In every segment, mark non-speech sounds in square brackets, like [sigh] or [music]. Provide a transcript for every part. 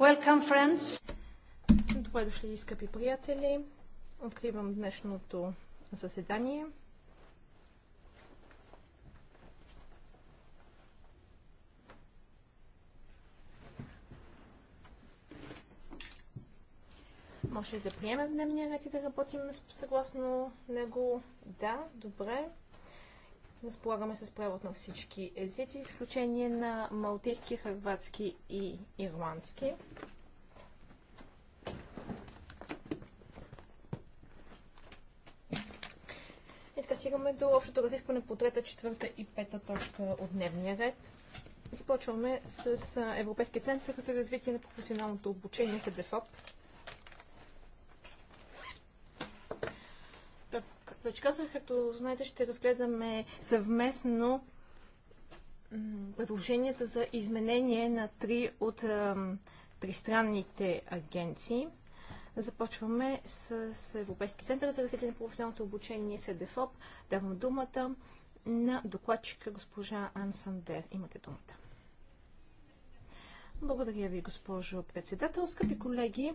Welcome, friends. Добре дошли, скъпи приятели. Откривам днешното заседание. Може ли да приемем дневния ред и да работим съгласно него? Да, добре разполагаме с превод на всички езици, изключение на малтийски, хърватски и ирландски. И така стигаме до общото разискване по трета, четвърта и пета точка от дневния ред. Започваме с Европейския център за развитие на професионалното обучение, СДФОП. Вече казах, като знаете, ще разгледаме съвместно предложенията за изменение на три от тристранните агенции. Започваме с, Европейски център за развитие на професионалното обучение СДФОП. Давам думата на докладчика госпожа Ансандер. Имате думата. Благодаря ви, госпожо председател. Скъпи колеги,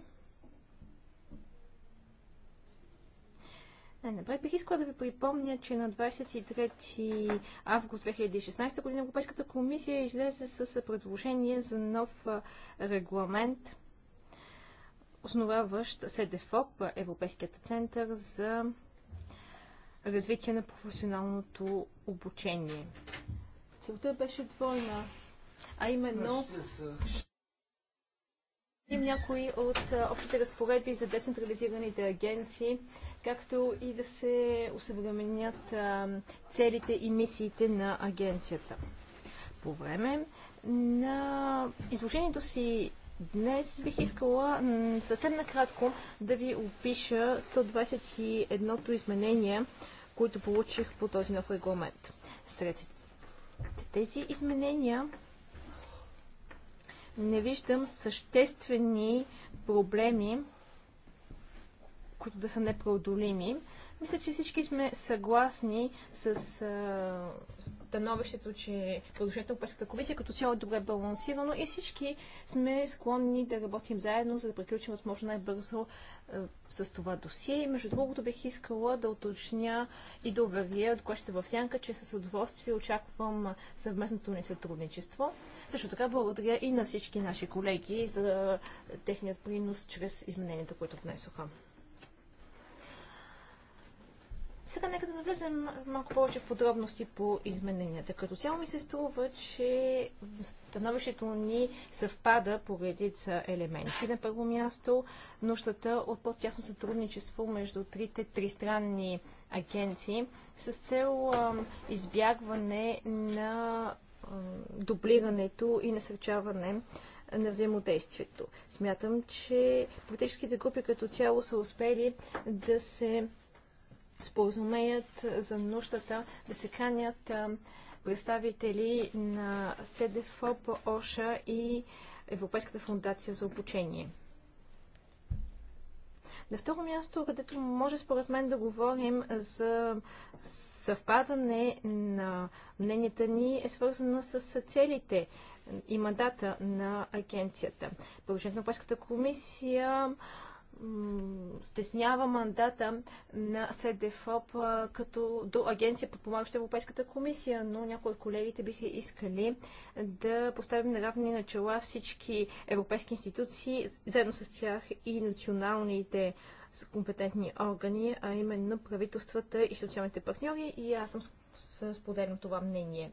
Най-напред е, бих искала да ви припомня, че на 23 август 2016 година Европейската комисия излезе с предложение за нов регламент, основаващ СДФОП, Европейският център за развитие на професионалното обучение. Целта беше двойна, а именно някои от общите разпоредби за децентрализираните агенции, както и да се усъвременят целите и мисиите на агенцията. По време на изложението си Днес бих искала съвсем накратко да ви опиша 121-то изменение, които получих по този нов регламент. Сред тези изменения не виждам съществени проблеми, които да са непреодолими. Мисля, че всички сме съгласни с, с становището, че предложението на Европейската комисия като цяло е добре балансирано и всички сме склонни да работим заедно, за да приключим възможно най-бързо е, с това досие. И между другото бих искала да уточня и да уверя от което в сянка, че с удоволствие очаквам съвместното ни сътрудничество. Също така благодаря и на всички наши колеги за техният принос чрез измененията, които внесоха. Сега нека да навлезем малко повече в подробности по измененията. Като цяло ми се струва, че становището ни съвпада по редица елементи. На първо място нуждата от по-тясно сътрудничество между трите тристранни агенции с цел избягване на дублирането и насърчаване на взаимодействието. Смятам, че политическите групи като цяло са успели да се споразумеят за нуждата да се канят представители на СДФОП, ОША и Европейската фундация за обучение. На второ място, където може според мен да говорим за съвпадане на мненията ни, е свързана с целите и мандата на агенцията. Положението на Европейската комисия стеснява мандата на СДФОП като до агенция подпомагаща Европейската комисия, но някои от колегите биха искали да поставим на равни начала всички европейски институции, заедно с тях и националните компетентни органи, а именно правителствата и социалните партньори и аз съм споделям това мнение.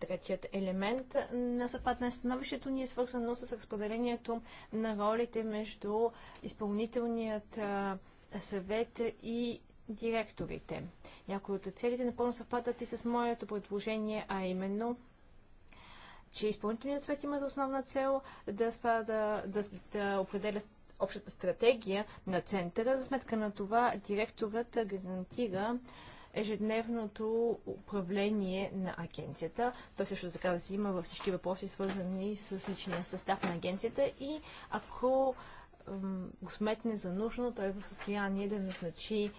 Третият елемент на на становището ни е свързано с разпределението на ролите между изпълнителният съвет и директорите. Някои от целите напълно съвпадат и с моето предложение, а именно че изпълнителният съвет има за основна цел да, спада, да, да определя общата стратегия на центъра. За сметка на това директорът гарантира ежедневното управление на агенцията. Той също така да си има във всички въпроси, свързани с личния състав на агенцията и ако го сметне за нужно, той е в състояние да назначи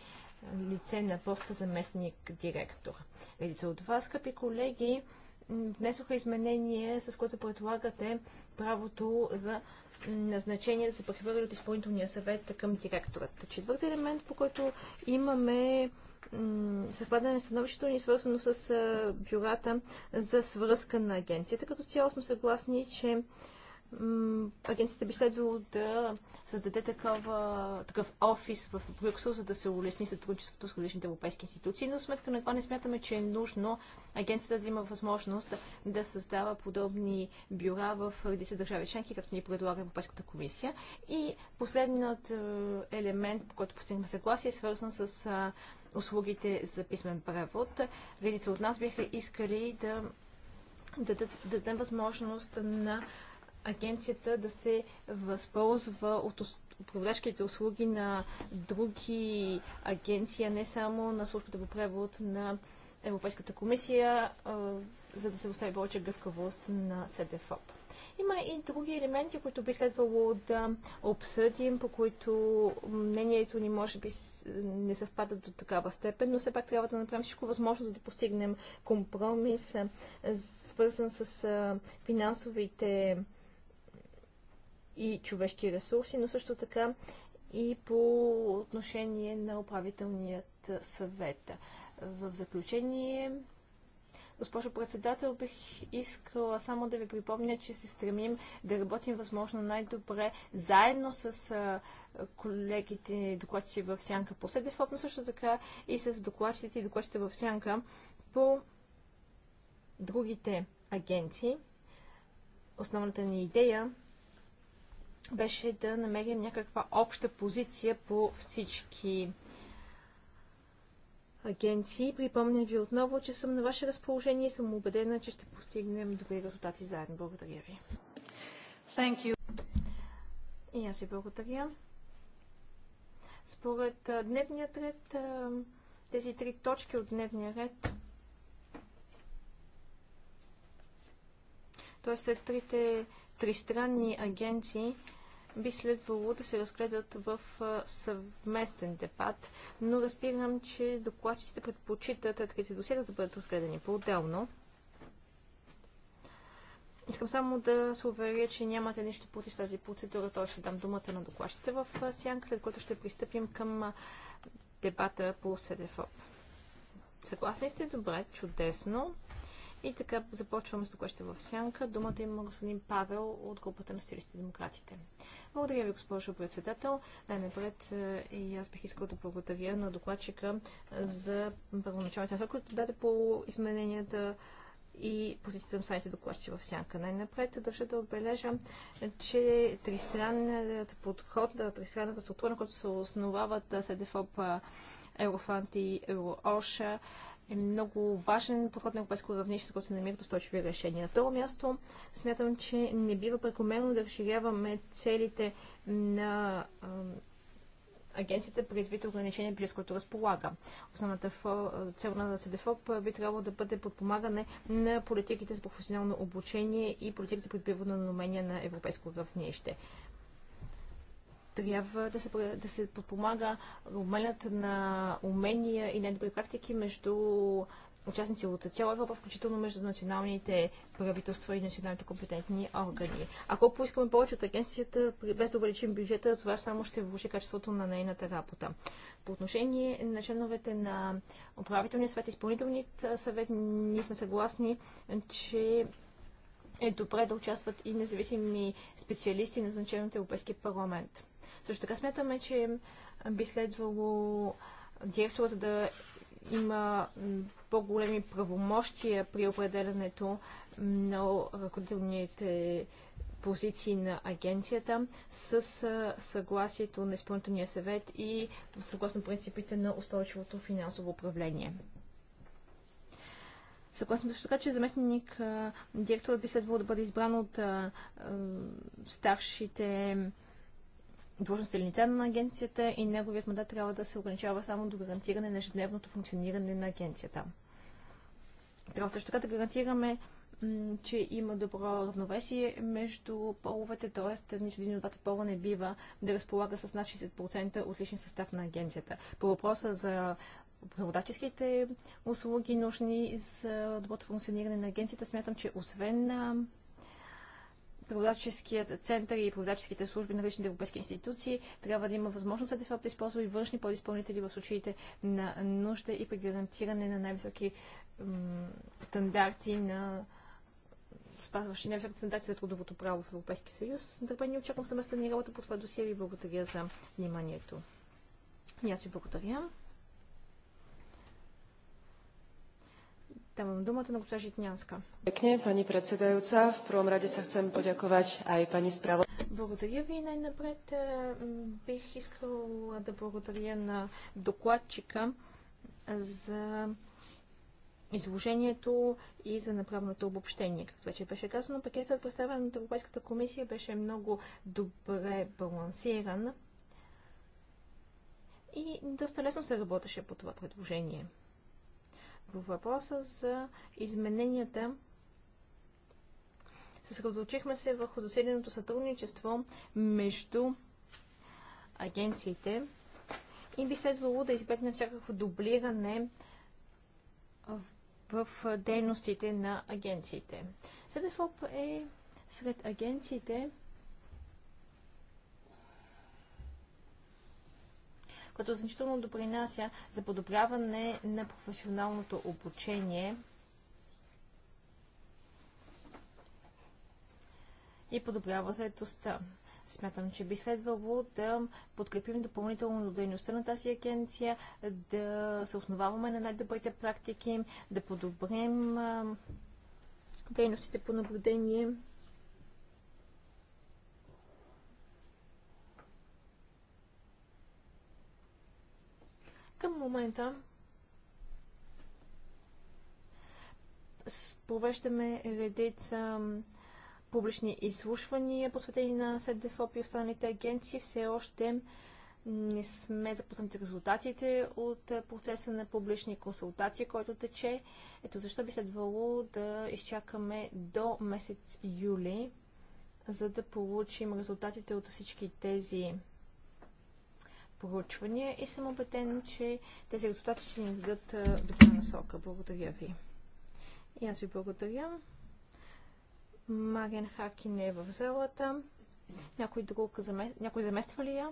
лице на поста заместник директор. Редица от вас, скъпи колеги, внесоха изменение, с което предлагате правото за назначение да се прехвърли от изпълнителния съвет към директорът. Четвърти елемент, по който имаме съвпадане на становището ни, е свързано с бюрата за свръзка на агенцията. Като цяло сме съгласни, че агенцията би следвало да създаде такова, такъв офис в Брюксел, за да се улесни сътрудничеството с различните европейски институции. Но сметка на това не смятаме, че е нужно агенцията да има възможност да създава подобни бюра в редица държави членки, както ни предлага Европейската комисия. И последният елемент, по който постигнахме съгласие, е свързан с услугите за писмен превод. Редица от нас бяха искали да, дадем възможност на агенцията да се възползва от преводачките услуги на други агенции, а не само на службата по превод на Европейската комисия, за да се остави повече гъвкавост на СДФОП. Има и други елементи, които би следвало да обсъдим, по които мнението ни може би не съвпада до такава степен, но все пак трябва да направим всичко възможно, за да постигнем компромис, свързан с финансовите и човешки ресурси, но също така и по отношение на управителният съвет. В заключение, Госпожо председател, бих искала само да ви припомня, че се стремим да работим възможно най-добре заедно с колегите докладчици в Сянка по СДФОП, но също така и с докладчиците и докладчите в Сянка по другите агенции. Основната ни идея беше да намерим някаква обща позиция по всички агенции. Припомням ви отново, че съм на ваше разположение и съм убедена, че ще постигнем добри резултати заедно. Благодаря ви. Thank you. И аз ви благодаря. Според дневният ред, тези три точки от дневния ред, т.е. след трите тристранни агенции, би следвало да се разгледат в съвместен дебат, но разбирам, че докладчиците предпочитат трите досиета да бъдат разгледани по-отделно. Искам само да се уверя, че нямате нищо против тази процедура, т.е. ще дам думата на докладчиците в сянка, след което ще пристъпим към дебата по СДФОП. Съгласни сте? Добре, чудесно. И така започваме с докладчите в сянка. Думата има господин Павел от групата на социалистите демократите. Благодаря ви, госпожо председател. Най-напред е, и аз бих искал да благодаря на докладчика за първоначалната насока, който даде по измененията и позицията на останалите докладчици в сянка. Най-напред държа да отбележа, че тристранният подход, тристранната структура, на която се основават СДФОП, Еврофант и Еврооша, е много важен подход на европейско равнище, за който се намират устойчиви решения. На второ място, смятам, че не бива прекомерно да разширяваме целите на агенцията предвид ограничения, близко което разполага. Основната цел на СДФОП би трябвало да бъде подпомагане на политиките за професионално обучение и политиките за придобиване на умения на европейско равнище. Трябва да се, да се подпомага обменът на умения и недобри практики между участници от цяла Европа, включително между националните правителства и националните компетентни органи. Ако поискаме повече от агенцията, без да увеличим бюджета, това само ще влуши качеството на нейната работа. По отношение на членовете на управителния съвет и изпълнителният съвет, ние сме съгласни, че е добре да участват и независими специалисти, назначени от Европейския парламент. Също така смятаме, че би следвало директорът да има по-големи правомощия при определянето на ръководителните позиции на агенцията с съгласието на изпълнителния съвет и съгласно принципите на устойчивото финансово управление. Съгласна също така, че заместник директорът би следвало да бъде избран от а, а, старшите длъжностни лица на агенцията и неговият мандат трябва да се ограничава само до гарантиране на ежедневното функциониране на агенцията. Трябва също така да гарантираме, че има добро равновесие между половете, т.е. нито един от двата пола не бива да разполага с над 60% от личния състав на агенцията. По въпроса за преводаческите услуги, нужни за доброто функциониране на агенцията. Смятам, че освен на преводаческият център и преводаческите служби на различните европейски институции трябва да има възможност за да използва и външни подиспълнители в случаите на нужда и при гарантиране на най-високи стандарти на спазващи най-високи стандарти за трудовото право в Европейския съюз. Дърпени очаквам съместна ни работа по това досие ви благодаря за вниманието. И аз ви благодаря. Давам думата на госпожа Житнянска. Пекне, пани председателца, в прvom ради се хцем подяковать а и пани справа. Благодаря ви. Най-напред е, бих искала да благодаря на докладчика за изложението и за направното обобщение. Както вече беше казано, пакетът, представен от Европейската комисия, беше много добре балансиран и доста лесно се работеше по това предложение. По въпроса за измененията съсредоточихме се върху заседеното сътрудничество между агенциите и би следвало да избегне всякакво дублиране в, в дейностите на агенциите. СДФОП е сред агенциите, което значително допринася за подобряване на професионалното обучение и подобрява заедостта. Смятам, че би следвало да подкрепим допълнително дейността на тази агенция, да се основаваме на най-добрите практики, да подобрим дейностите по наблюдение Към момента провеждаме редица публични изслушвания, посветени на СДФОП и останалите агенции. Все още не сме запознати с резултатите от процеса на публични консултации, който тече. Ето защо би следвало да изчакаме до месец юли, за да получим резултатите от всички тези проучвания и съм убеден, че тези резултати ще ни дадат добра насока. Благодаря ви. И аз ви благодаря. Мариан Хаки не е в залата. Някой друг заме... Някой замества ли я?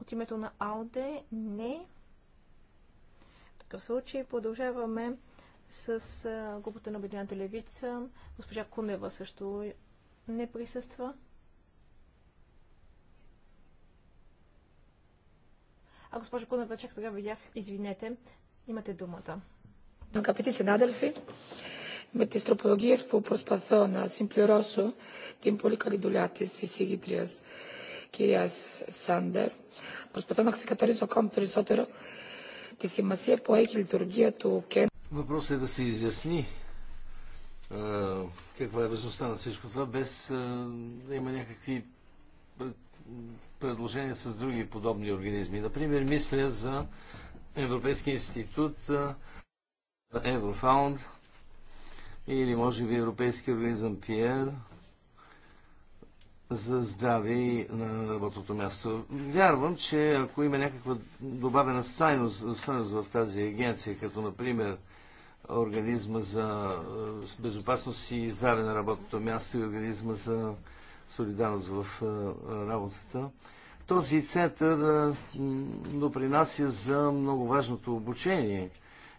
От името на Ауде, не. В такъв случай продължаваме с групата на Обединената левица. Госпожа Кунева също не присъства. А госпожо Кунабачак, сега видях, извинете, имате думата. Αγαπητοί συνάδελφοι, με τις τροπολογίες που προσπαθώ να συμπληρώσω την πολύ καλή δουλειά της εισηγήτριας κυρίας Σάντερ, προσπαθώ να ξεκαθαρίσω ακόμη περισσότερο τη σημασία που έχει η λειτουργία του κέντρου. Въпросът е да се изясни каква е важността на всичко това, без да има някакви предложения с други подобни организми. Например, мисля за Европейския институт, Еврофаунд или може би Европейския организъм Пиер за здраве и на работното място. Вярвам, че ако има някаква добавена стойност, стойност в тази агенция, като например организма за безопасност и здраве на работното място и организма за солидарност в работата. Този център допринася за много важното обучение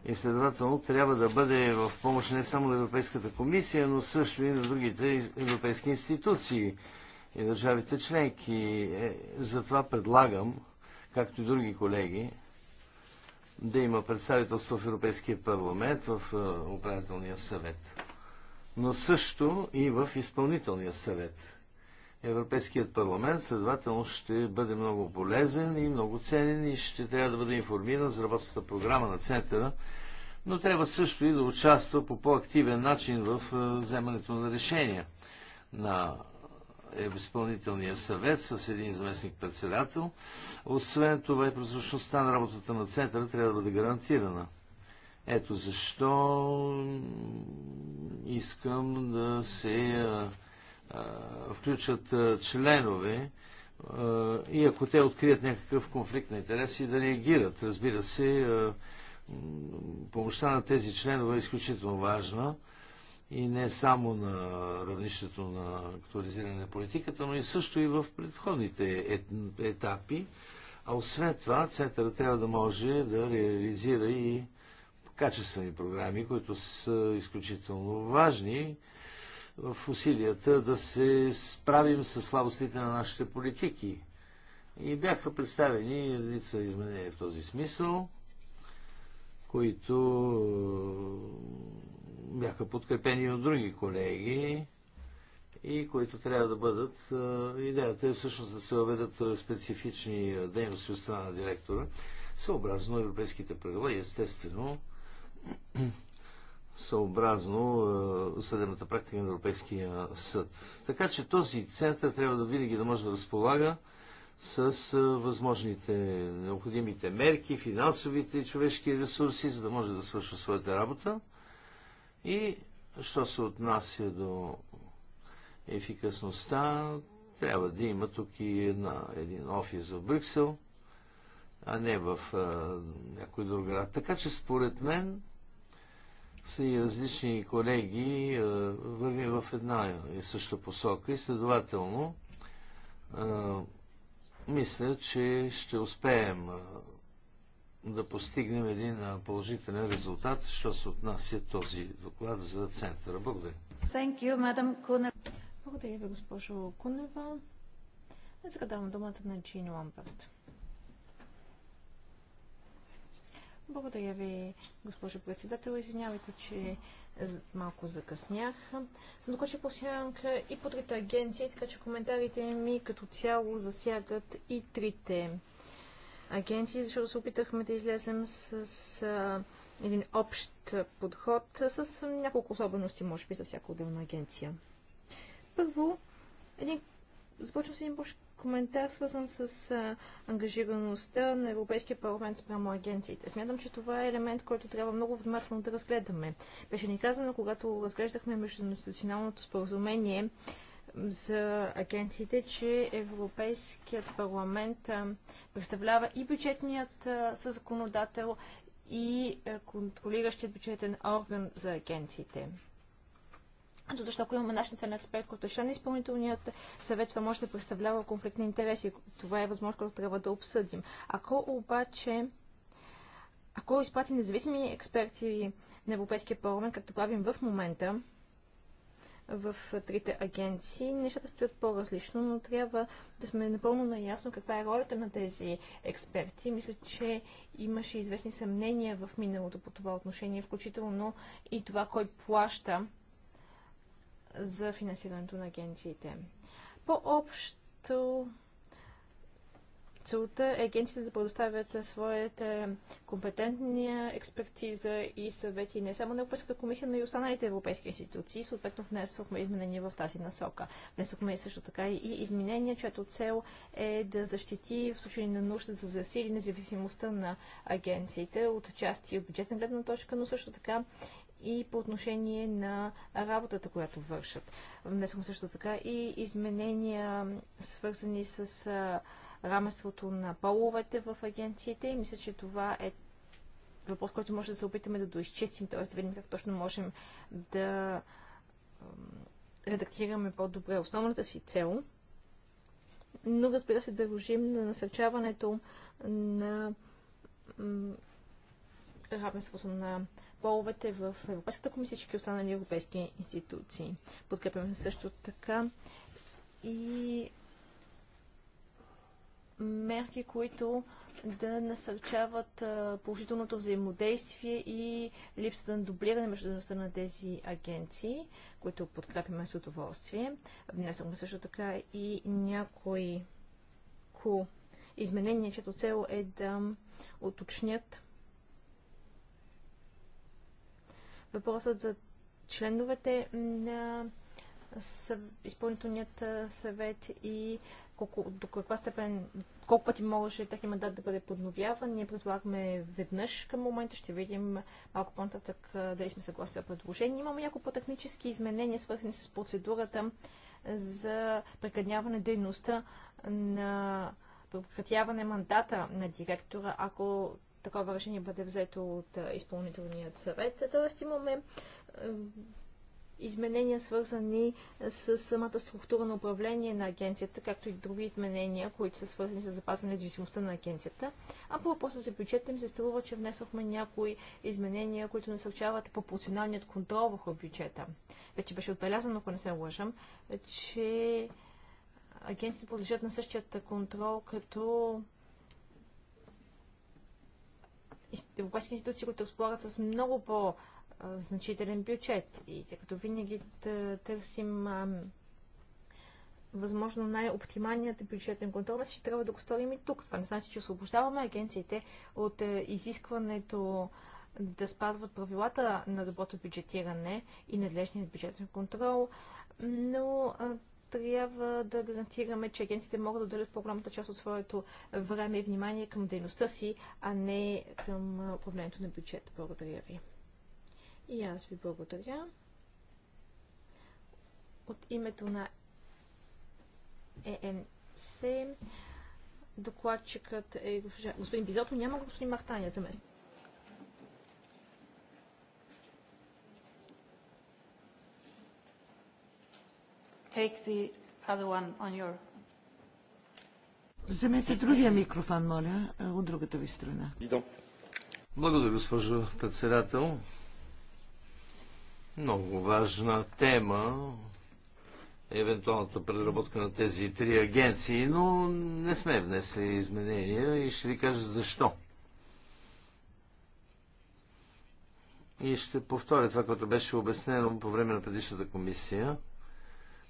и следователно трябва да бъде в помощ не само на Европейската комисия, но също и на другите европейски институции и държавите членки. Е, затова предлагам, както и други колеги, да има представителство в Европейския парламент, в управителния съвет, но също и в изпълнителния съвет Европейският парламент следователно ще бъде много полезен и много ценен и ще трябва да бъде информиран за работната програма на Центъра, но трябва също и да участва по по-активен начин в е, вземането на решения на е, изпълнителния съвет с един заместник председател. Освен това и прозрачността на работата на Центъра трябва да бъде гарантирана. Ето защо искам да се е, включат членове и ако те открият някакъв конфликт на интереси, да реагират. Разбира се, помощта на тези членове е изключително важна и не само на равнището на актуализиране на политиката, но и също и в предходните етапи. А освен това, центъра трябва да може да реализира и качествени програми, които са изключително важни в усилията да се справим с слабостите на нашите политики. И бяха представени лица изменения в този смисъл, които бяха подкрепени от други колеги и които трябва да бъдат. Идеята е всъщност да се въведат специфични дейности от страна на директора, съобразно европейските правила и естествено съобразно е, съдебната практика на Европейския съд. Така че този център трябва да винаги да може да разполага с е, възможните необходимите мерки, финансовите и човешки ресурси, за да може да свършва своята работа. И що се отнася до ефикасността, трябва да има тук и една, един офис в Брюксел, а не в а, е, някой друг град. Така че според мен са и различни колеги, върви в една и съща посока и следователно мисля, че ще успеем да постигнем един положителен резултат, що се отнася този доклад за центъра. Благодаря. Thank you, madam Благодаря ви, госпожо Кунева. Не давам думата на Джин Ламберт. Благодаря ви, госпожо председател. Извинявайте, че малко закъснях. Съм докоче по сянка и по трите агенции, така че коментарите ми като цяло засягат и трите агенции, защото се опитахме да излезем с, с един общ подход с няколко особености, може би, за всяка отделна агенция. Първо, един... започвам с един по коментар, свързан с а, ангажираността на Европейския парламент спрямо агенциите. Смятам, че това е елемент, който трябва много внимателно да разгледаме. Беше ни казано, когато разглеждахме междунационалното споразумение за агенциите, че Европейският парламент а, представлява и бюджетният а, законодател и контролиращият бюджетен орган за агенциите. Ето защо, ако имаме наш национален експерт, който е член на изпълнителният съвет, това може да представлява конфликт на интереси. Това е възможно, което трябва да обсъдим. Ако обаче ако изпратим независими експерти на Европейския парламент, както правим в момента, в трите агенции, нещата стоят по-различно, но трябва да сме напълно наясно каква е ролята на тези експерти. Мисля, че имаше известни съмнения в миналото по това отношение, включително и това кой плаща за финансирането на агенциите. По-общо целта е агенциите да предоставят своята компетентния експертиза и съвети не само на Европейската комисия, но и останалите европейски институции. Съответно внесохме изменения в тази насока. Внесохме също така и изменения, чието цел е да защити в случай на нужда да засили независимостта на агенциите от части от бюджетна гледна точка, но също така и по отношение на работата, която вършат. Внесохме също така и изменения, свързани с равенството на половете в агенциите и мисля, че това е въпрос, който може да се опитаме да доизчистим, т.е. да видим как точно можем да редактираме по-добре основната си цел, но разбира се дължим на насърчаването на равенството на половете в Европейската комисия и всички останали европейски институции. Подкрепяме също така и мерки, които да насърчават положителното взаимодействие и липсата на дублиране между дейността на тези агенции, които подкрепяме с удоволствие. Внесохме също така и някои изменения, чето цел е да уточнят въпросът за членовете на изпълнителният съвет и колко, до каква степен, колко пъти може техния мандат да бъде подновяван. Ние предлагаме веднъж към момента, ще видим малко по-нататък дали сме съгласни за предложение. Имаме няколко по-технически изменения, свързани с процедурата за прекъдняване дейността на прекратяване мандата на директора, ако такова решение бъде взето от изпълнителният съвет. Тоест имаме изменения, свързани с самата структура на управление на агенцията, както и други изменения, които са свързани с запазване независимостта на агенцията. А по въпроса за бюджета ми се струва, че внесохме някои изменения, които насърчават пропорционалният контрол върху бюджета. Вече беше отбелязано, ако не се лъжам, че агенциите подлежат на същия контрол като европейски институции, които разполагат с много по-значителен бюджет. И тъй като винаги да търсим възможно най-оптималният бюджетен контрол, ще трябва да го сторим и тук. Това не значи, че освобождаваме агенциите от е, изискването да спазват правилата на доброто бюджетиране и надлежният бюджетен контрол, но трябва да гарантираме, че агенците могат да отделят по-голямата част от своето време и внимание към дейността си, а не към управлението на бюджет. Благодаря ви. И аз ви благодаря. От името на ЕНС докладчикът е господин Бизото, няма господин за мен. take the other one on your... Вземете другия микрофон, моля, е, от другата ви страна. Благодаря, госпожо председател. Много важна тема е евентуалната преработка на тези три агенции, но не сме внесли изменения и ще ви кажа защо. И ще повторя това, което беше обяснено по време на предишната комисия –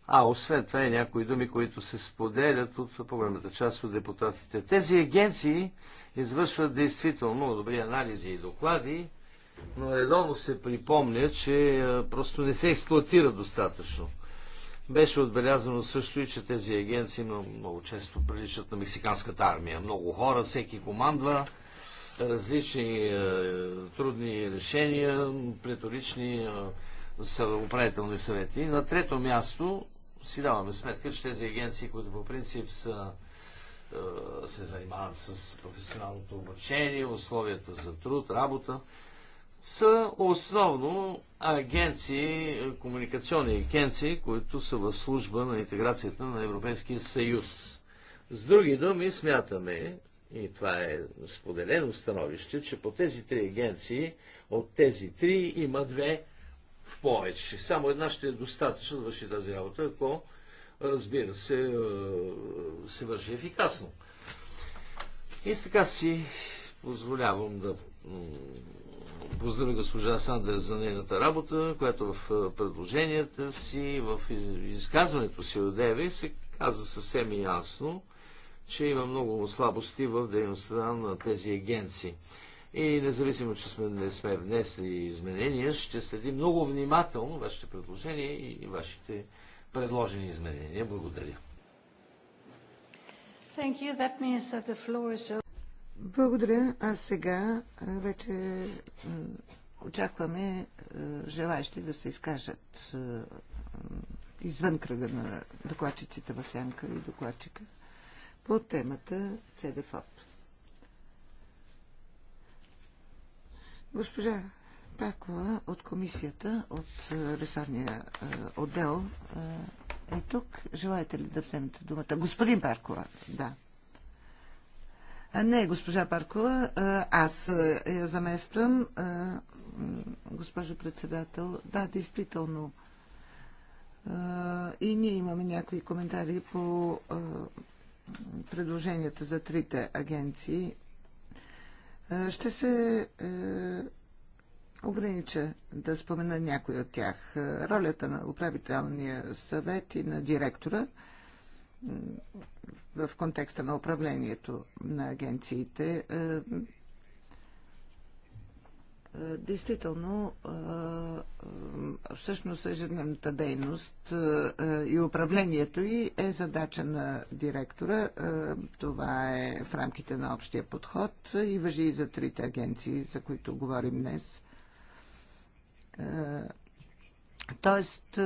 а освен това и е някои думи, които се споделят от по-голямата част от депутатите. Тези агенции извършват действително добри анализи и доклади, но редовно се припомня, че просто не се експлуатира достатъчно. Беше отбелязано също и, че тези агенции много, много често приличат на мексиканската армия. Много хора, всеки командва, различни е, трудни решения, преторични е, управителни съвети. На трето място си даваме сметка, че тези агенции, които по принцип са, е, се занимават с професионалното обучение, условията за труд, работа, са основно агенции, комуникационни агенции, които са в служба на интеграцията на Европейския съюз. С други думи, смятаме, и това е споделено становище, че по тези три агенции, от тези три има две в повече. Само една ще е достатъчно да върши тази работа, ако, разбира се, е, се върши ефикасно. И с така си позволявам да поздравя госпожа Сандер за нейната работа, която в е, предложенията си, в изказването си от Деви се каза съвсем ясно, че има много слабости в дейността на тези агенции. И независимо, че сме, не сме внесли изменения, ще следим много внимателно вашите предложения и вашите предложени изменения. Благодаря. Благодаря. А сега вече очакваме желаещи да се изкажат извън кръга на докладчиците в сянка и докладчика по темата CDFOP. Госпожа Пакова от комисията, от е, ресорния е, отдел е, е тук. Желаете ли да вземете думата? Господин Паркова, да. А не, госпожа Паркова, аз я замествам. Госпожо председател, да, действително. И ние имаме някои коментари по предложенията за трите агенции е, ще се е, огранича да спомена някой от тях. Е, ролята на управителния съвет и на директора в контекста на управлението на агенциите. Е, действително, е, е, всъщност ежедневната дейност и управлението й е задача на директора. Това е в рамките на общия подход и въжи и за трите агенции, за които говорим днес. Тоест,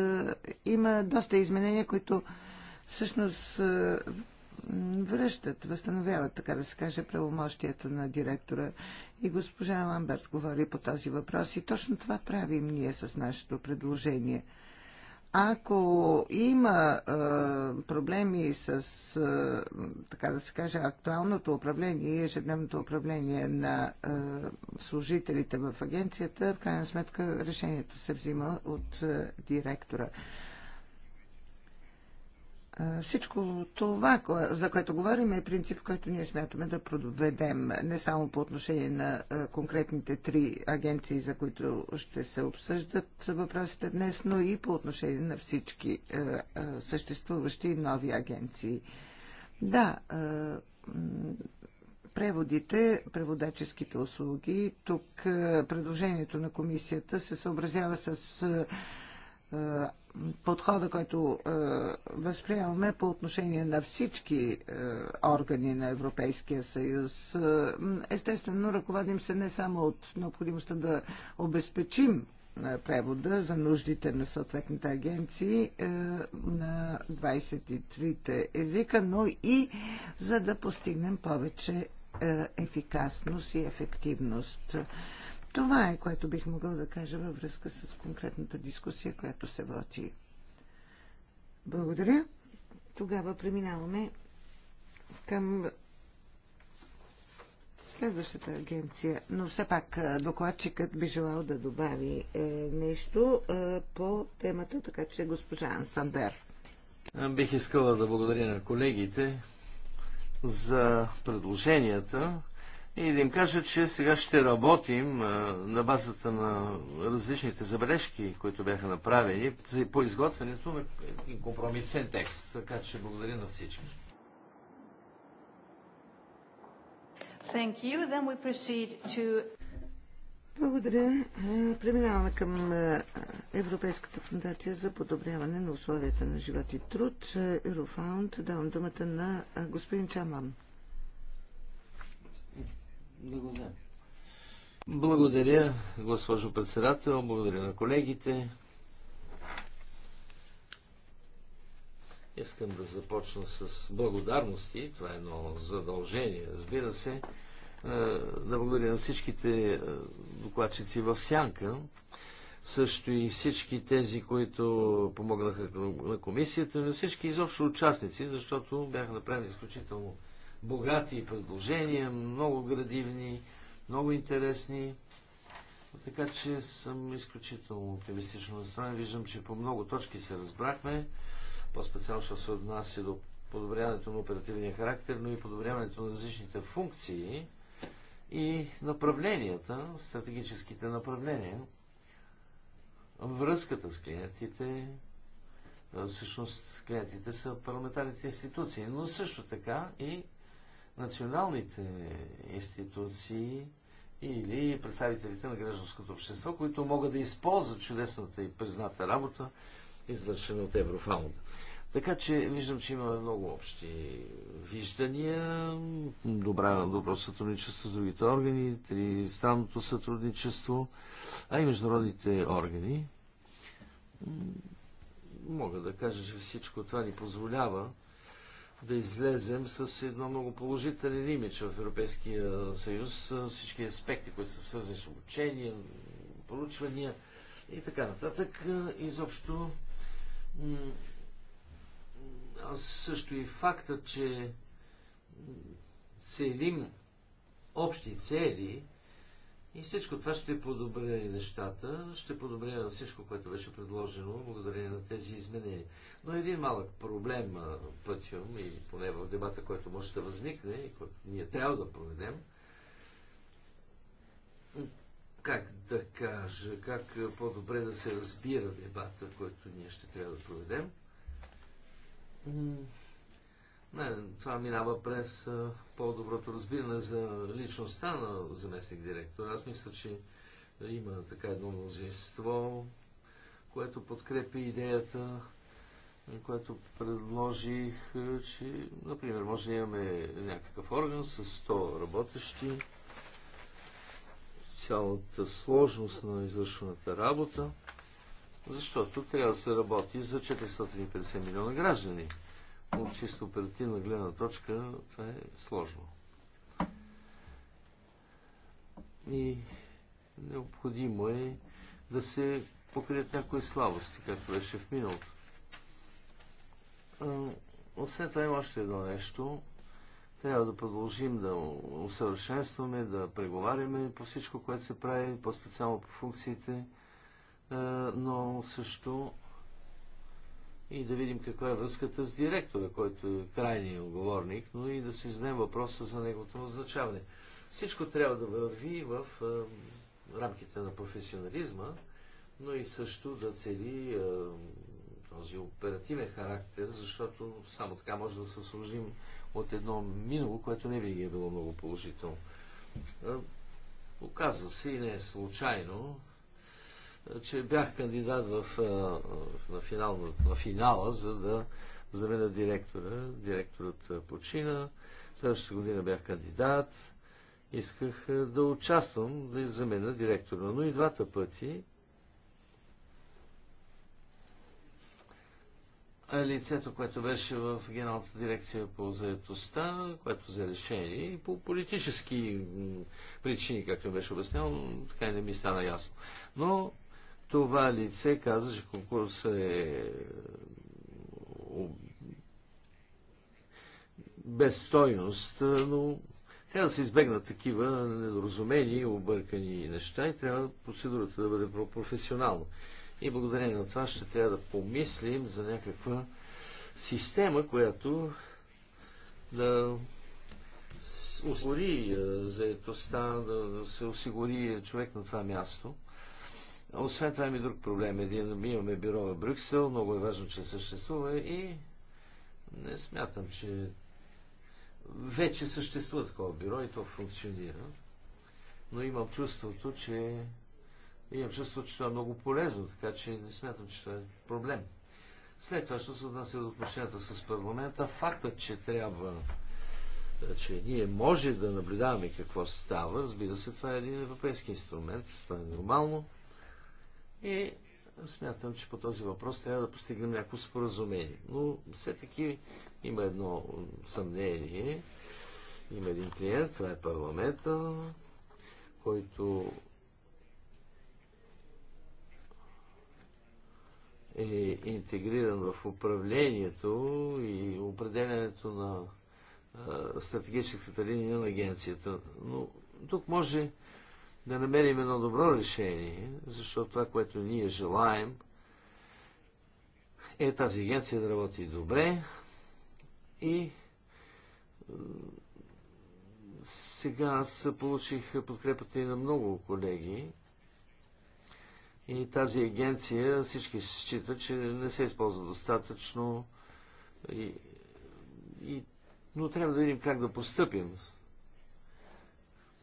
има доста изменения, които всъщност връщат, възстановяват, така да се каже, правомощията на директора. И госпожа Ламберт говори по този въпрос и точно това правим ние с нашето предложение. Ако има е, проблеми с, е, така да се каже, актуалното управление и ежедневното управление на е, служителите в агенцията, в крайна сметка решението се взима от е, директора. Всичко това, за което говорим, е принцип, който ние смятаме да проведем не само по отношение на конкретните три агенции, за които ще се обсъждат въпросите днес, но и по отношение на всички съществуващи нови агенции. Да, преводите, преводаческите услуги, тук предложението на комисията се съобразява с подхода, който е, възприемаме по отношение на всички е, органи на Европейския съюз. Е, естествено, ръководим се не само от необходимостта да обезпечим е, превода за нуждите на съответните агенции е, на 23-те езика, но и за да постигнем повече е, ефикасност и ефективност. Това е, което бих могъл да кажа във връзка с конкретната дискусия, която се върти. Благодаря. Тогава преминаваме към следващата агенция. Но все пак докладчикът би желал да добави е, нещо е, по темата, така че госпожа Ансандер. Бих искала да благодаря на колегите за предложенията, и да им кажа, че сега ще работим на базата на различните забележки, които бяха направени по изготвянето на компромисен текст. Така че благодаря на всички. Thank you. Then we proceed to... Благодаря. Преминаваме към Европейската фундация за подобряване на условията на живот и труд. Е, Eurofound. Давам думата на господин Чамам. Благодаря. Благодаря, госпожо председател. Благодаря на колегите. Искам да започна с благодарности. Това е едно задължение, разбира се. Е, да благодаря на всичките е, докладчици в Сянка. Също и всички тези, които помогнаха на комисията, на всички изобщо участници, защото бяха направени изключително богати предложения, много градивни, много интересни. Така че съм изключително оптимистично настроен. Виждам, че по много точки се разбрахме. По-специално, що се отнася до подобряването на оперативния характер, но и подобряването на различните функции и направленията, стратегическите направления, връзката с клиентите. Всъщност клиентите са парламентарните институции, но също така и националните институции или представителите на гражданското общество, които могат да използват чудесната и призната работа, извършена от Еврофаунд. Така че виждам, че имаме много общи виждания, добра, добро сътрудничество с другите органи, тристранното сътрудничество, а и международните органи. Мога да кажа, че всичко това ни позволява да излезем с едно много положителен имидж в Европейския съюз, всички аспекти, които са свързани с обучение, проучвания и така нататък. Изобщо аз също и факта, че целим общи цели, и всичко това ще подобря и нещата, ще подобря всичко, което беше предложено благодарение на тези изменения. Но един малък проблем пътюм, и поне в дебата, който може да възникне и който ние трябва да проведем, как да кажа, как по-добре да се разбира дебата, който ние ще трябва да проведем. Не, това минава през по-доброто разбиране за личността на заместник директор. Аз мисля, че има така едно мнозинство, което подкрепи идеята, което предложих, че, например, може да имаме някакъв орган с 100 работещи, цялата сложност на извършваната работа, защото трябва да се работи за 450 милиона граждани – от чисто оперативна гледна точка това е сложно. И необходимо е да се покрият някои слабости, както беше в миналото. Освен това има още едно нещо. Трябва да продължим да усъвършенстваме, да преговаряме по всичко, което се прави, по-специално по функциите, но също и да видим каква е връзката с директора, който е крайният оговорник, но и да си зададем въпроса за неговото назначаване. Всичко трябва да върви в рамките на професионализма, но и също да цели този оперативен характер, защото само така може да се освободим от едно минало, което не винаги е било много положително. Оказва се и не е случайно, е, че бях кандидат в, е, на, финал, на финала, за да заменя директора. Директорът е, почина. Следващата година бях кандидат. Исках да участвам, да замена директора. Но и двата пъти лицето, което беше в Генералната дирекция по заедостта, което за решение и по политически причини, както беше обяснено, така и не ми стана ясно. Но това лице каза, че конкурсът е, е без стойност, но трябва да се избегнат такива недоразумени, объркани неща и трябва процедурата да бъде професионална. И благодарение на това ще трябва да помислим за някаква система, която да осигури заедостта, да се осигури човек на това място. Освен това има и друг проблем. Един, имаме бюро в Брюксел, много е важно, че съществува и не смятам, че вече съществува такова бюро и то функционира. Но имам чувството, че имам чувството, че това е много полезно, така че не смятам, че това е проблем. След това, що се отнася до отношенията с парламента, фактът, че трябва че ние може да наблюдаваме какво става, разбира се, това е един европейски инструмент, това е нормално. И смятам, че по този въпрос трябва да постигнем някакво споразумение. Но все таки има едно съмнение. Има един клиент, това е парламента, който е интегриран в управлението и определянето на стратегическата линия на агенцията. Но тук може да намерим едно добро решение, защото това, което ние желаем, е тази агенция да работи добре и сега аз получих подкрепата и на много колеги. И тази агенция всички считат, че не се използва достатъчно. И, и, но трябва да видим как да постъпим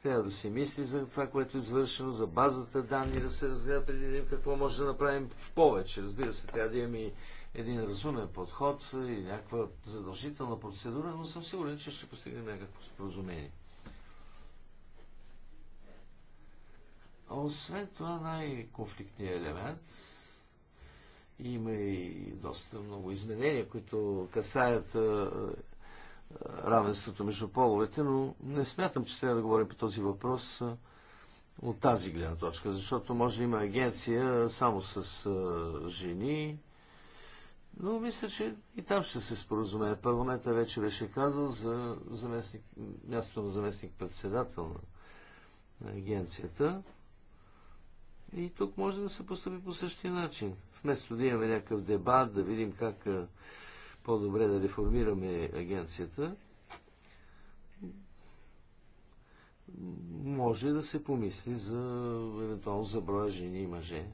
трябва да се мисли за това, което е извършено, за базата данни, да се разгледа преди да видим какво може да направим в повече. Разбира се, трябва да имаме и един разумен подход и някаква задължителна процедура, но съм сигурен, че ще постигнем някакво споразумение. Освен това, най-конфликтният елемент има и доста много изменения, които касаят равенството между половете, но не смятам, че трябва да говорим по този въпрос от тази гледна точка, защото може да има агенция само с жени, но мисля, че и там ще се споразумее. Парламента вече беше казал за заместник, мястото на заместник-председател на агенцията. И тук може да се поступи по същия начин. Вместо да имаме някакъв дебат, да видим как по-добре да реформираме агенцията, може да се помисли за евентуално за броя жени и мъже.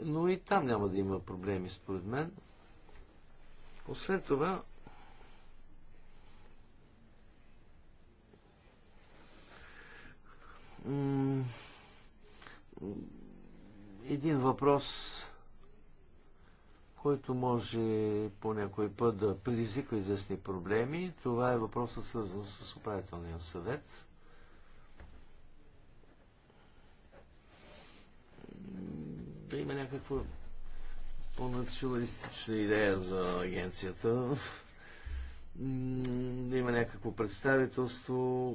Но и там няма да има проблеми, според мен. Освен това, един въпрос който може по някой път да предизвиква известни проблеми. Това е въпросът свързан с управителния съвет. Да има някаква по-националистична идея за агенцията, да има някакво представителство,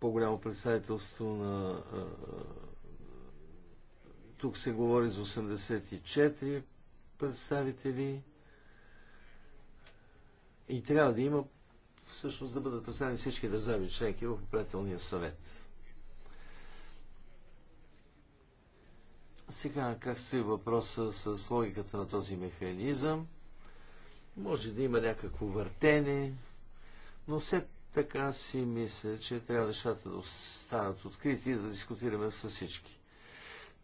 по-голямо представителство на тук се говори за 84 представители и трябва да има всъщност да бъдат представени всички държави членки в управителния съвет. Сега, как стои въпроса с логиката на този механизъм? Може да има някакво въртене, но все така си мисля, че трябва нещата да останат открити и да дискутираме с всички.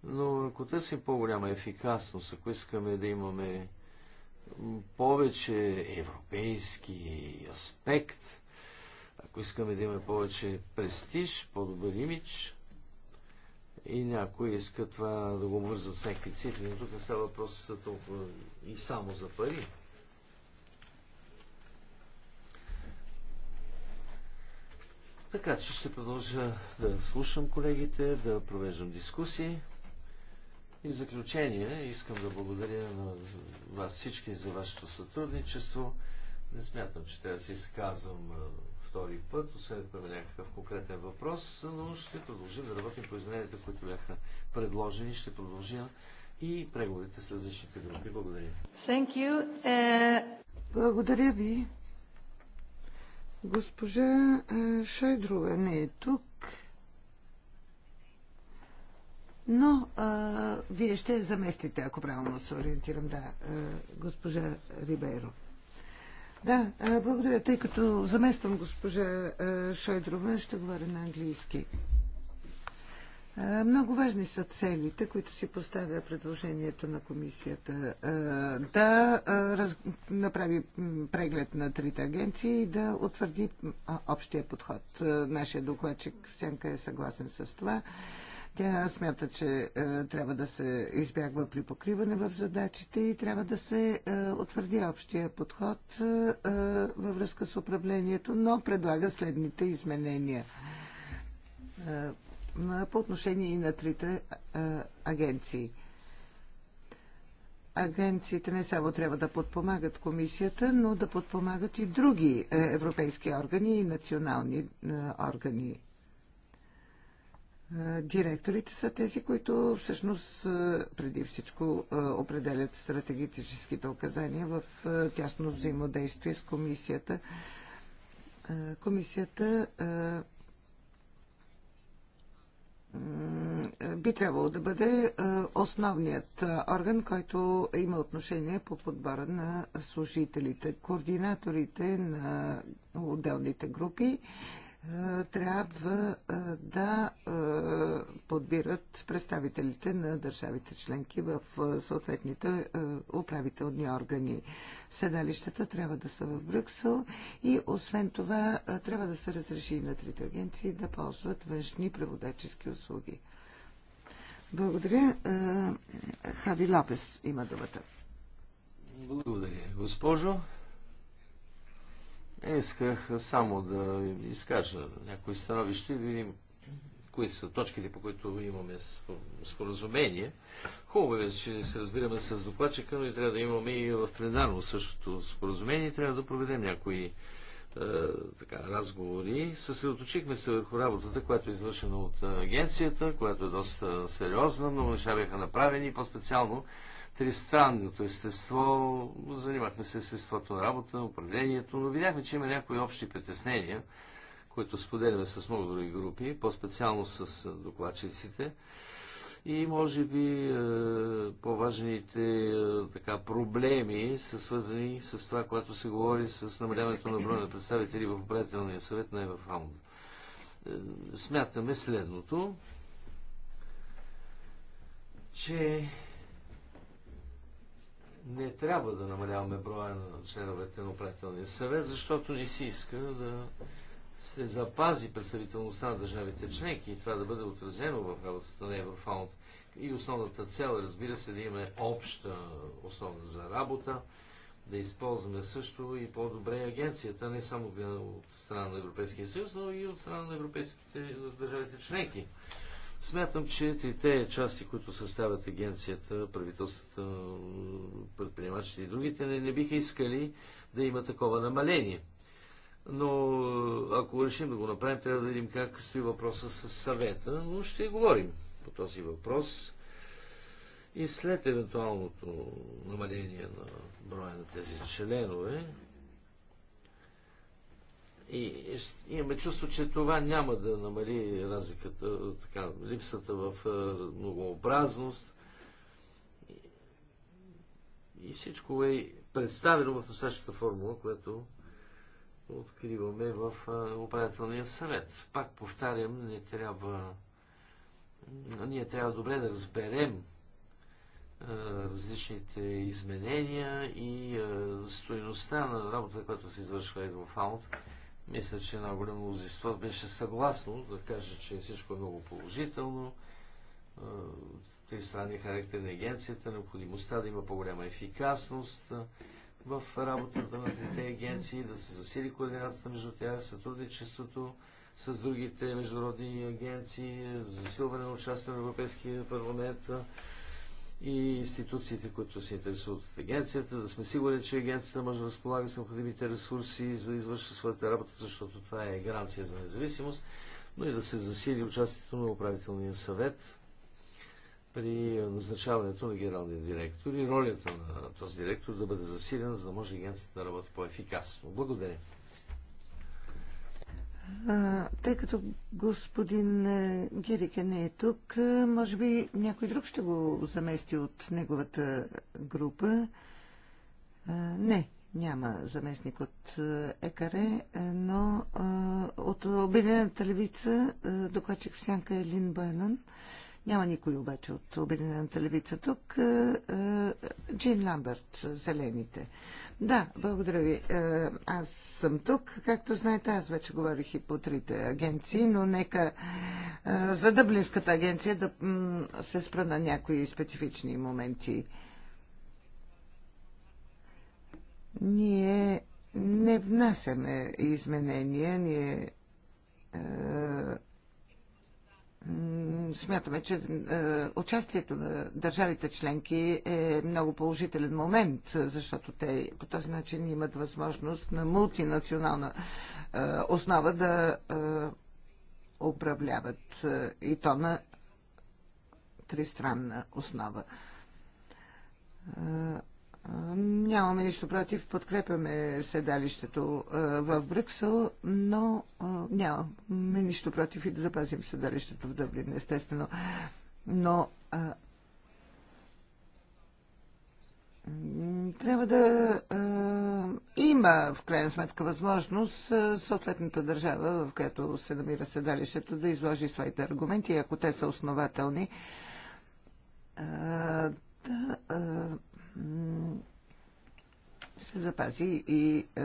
Но ако търсим по-голяма ефикасност, ако искаме да имаме повече европейски аспект, ако искаме да имаме повече престиж, по-добър имидж, и някой иска това да го вързат с някакви цифри, но тук не става въпрос за толкова и само за пари. Така че ще продължа да слушам колегите, да провеждам дискусии. И в заключение искам да благодаря на вас всички за вашето сътрудничество. Не смятам, че трябва да се изказвам втори път, освен ако има някакъв конкретен въпрос, но ще продължим да работим по измененията, които бяха предложени. Ще продължим и преговорите с различните групи. Благодаря. Thank you. Uh... Благодаря ви. Госпожа Шайдрова не е тук. но а, вие ще заместите, ако правилно се ориентирам, да, а, госпожа Рибейро. Да, а, благодаря, тъй като замествам госпожа а, Шойдрова, ще говоря на английски. Много важни са целите, които си поставя предложението на комисията. Да раз... направи преглед на трите агенции и да утвърди общия подход. Нашия докладчик Сенка е съгласен с това. Тя смята, че е, трябва да се избягва при покриване в задачите и трябва да се е, утвърди общия подход е, е във връзка с управлението, но предлага следните изменения. Е, е, по отношение и на трите е, агенции. Агенциите не само трябва да подпомагат комисията, но да подпомагат и други е, европейски органи и национални органи Директорите са тези, които всъщност преди всичко определят стратегическите указания в тясно взаимодействие с комисията. Комисията би трябвало да бъде основният орган, който има отношение по подбора на служителите. Координаторите на отделните групи е, трябва е, да е, подбират представителите на държавите членки в съответните управителни органи. Седалищата трябва да са в Брюксел и освен това трябва да се разреши на трите агенции да ползват външни преводачески услуги. Благодаря. Хави Лапес има думата. Благодаря, госпожо. Исках само да изкажа някои становища и да видим кои са точките, по които имаме споразумение. Хубаво е, че се разбираме с докладчика, но и трябва да имаме и в пленарно същото споразумение. Трябва да проведем някои е, така, разговори. Съсредоточихме се върху работата, която е извършена от агенцията, която е доста сериозна, много неща бяха направени по-специално тристранното естество, занимахме се с естеството на работа, управлението, но видяхме, че има някои общи притеснения, които споделяме с много други групи, по-специално с докладчиците. И може би по-важните така, проблеми са свързани с това, което се говори с намаляването на броя на представители в управителния съвет на Еврофаунд. Смятаме следното, че не трябва да намаляваме броя на членовете на управителния съвет, защото не си иска да се запази представителността на държавите членки и това да бъде отразено в работата на Еврофаунд. И основната цел е, разбира се, да имаме обща основа за работа, да използваме също и по-добре агенцията, не само от страна на Европейския съюз, но и от страна на европейските държавите членки. Смятам, че трите части, които съставят агенцията, правителствата, предприемачите и другите, не, не биха искали да има такова намаление. Но ако решим да го направим, трябва да видим как стои въпроса с съвета, но ще говорим по този въпрос. И след евентуалното намаление на броя на тези членове, и имаме чувство, че това няма да намали разликата, така, липсата в е, многообразност. И всичко е представено в настоящата формула, която откриваме в е, управителния съвет. Пак повтарям, не трябва, ние трябва добре да разберем е, различните изменения и стоеността на работата, която се извършва в еврофаунд. Мисля, че една голямо мнозинство беше съгласно да каже, че всичко е много положително. Три страни характер на агенцията, необходимостта да има по-голяма ефикасност в работата на трите агенции, да се засили координацията между тях, сътрудничеството с другите международни агенции, засилване на участие на Европейския парламент, и институциите, които се интересуват от агенцията, да сме сигурни, че агенцията може да разполага с необходимите ресурси за да извърши своята работа, защото това е гаранция за независимост, но и да се засили участието на управителния съвет при назначаването на генералния директор и ролята на този директор да бъде засилен, за да може агенцията да работи по-ефикасно. Благодаря. Тъй като господин е, Гирике не е тук, е, може би някой друг ще го замести от неговата група. Е, не, няма заместник от ЕКАРЕ, но от Обединената левица докладчик в сянка Елин Байлан. Няма никой обаче от Обединената левица тук. Е, е, Джин Ламбърт, Зелените. Да, благодаря ви. Е, аз съм тук. Както знаете, аз вече говорих и по трите агенции, но нека за Дъблинската агенция да се спра на някои специфични моменти. Ние не внасяме изменения, ние смятаме, че е, участието на държавите членки е много положителен момент, защото те по този начин имат възможност на мултинационална е, основа да е, управляват и то на тристранна основа. Нямаме нищо против, подкрепяме седалището в Брюксел, но нямаме нищо против и да запазим седалището в Дъблин, естествено. Но а, трябва да а, има, в крайна сметка, възможност съответната държава, в която се намира седалището, да изложи своите аргументи, ако те са основателни. А, да, се запази и е,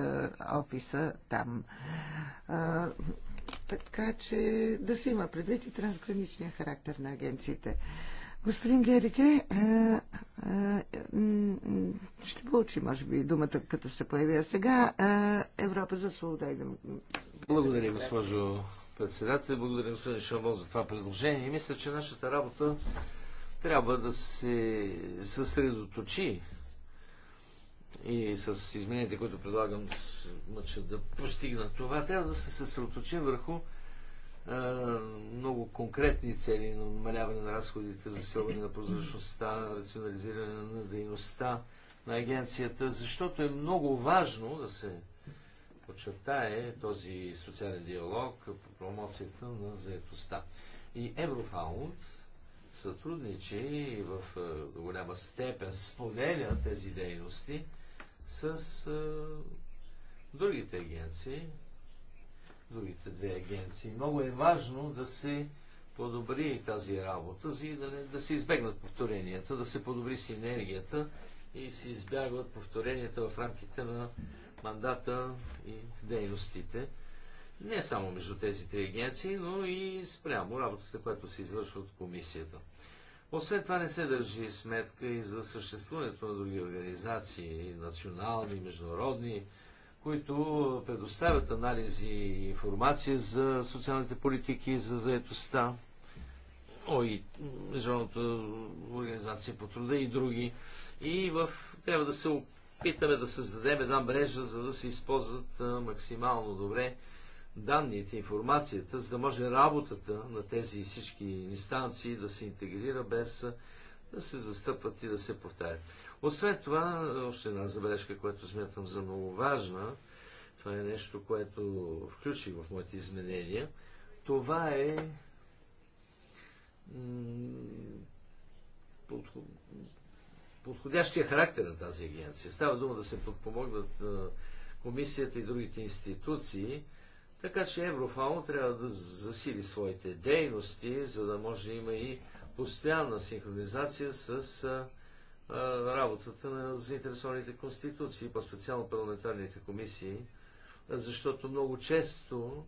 офиса там. Е, така че да се има предвид и трансграничния характер на агенциите. Господин Герике, е, е, ще получи, може би, думата, като се появи. А сега е, Европа за свобода и демократия. Благодаря, госпожо председател. Благодаря, господин Шамон, за това предложение. И мисля, че нашата работа трябва да се съсредоточи и с измененията, които предлагам мъча да постигна това, трябва да се съсредоточим върху много конкретни цели на намаляване на разходите, засилване на прозрачността, рационализиране на дейността на агенцията, защото е много важно да се подчертае този социален диалог, промоцията на заедостта. И Еврофаунд сътрудничи и в е, голяма степен споделя тези дейности с е, другите агенции, другите две агенции. Много е важно да се подобри тази работа, за да, не, да се избегнат повторенията, да се подобри синергията и се избягват повторенията в рамките на мандата и дейностите не само между тези три агенции, но и спрямо работата, която се извършва от комисията. Освен това не се държи сметка и за съществуването на други организации, национални, международни, които предоставят анализи и информация за социалните политики, за заетостта, ой, Международната организация по труда и други. И в... трябва да се опитаме да създадем една мрежа, за да се използват максимално добре данните, информацията, за да може работата на тези всички инстанции да се интегрира без да се застъпват и да се повтарят. Освен това, още една забележка, която смятам за много важна, това е нещо, което включих в моите изменения, това е подходящия характер на тази агенция. Става дума да се подпомогнат комисията и другите институции, така че Еврофаун трябва да засили своите дейности, за да може да има и постоянна синхронизация с а, а, работата на заинтересованите конституции, по-специално парламентарните комисии, защото много често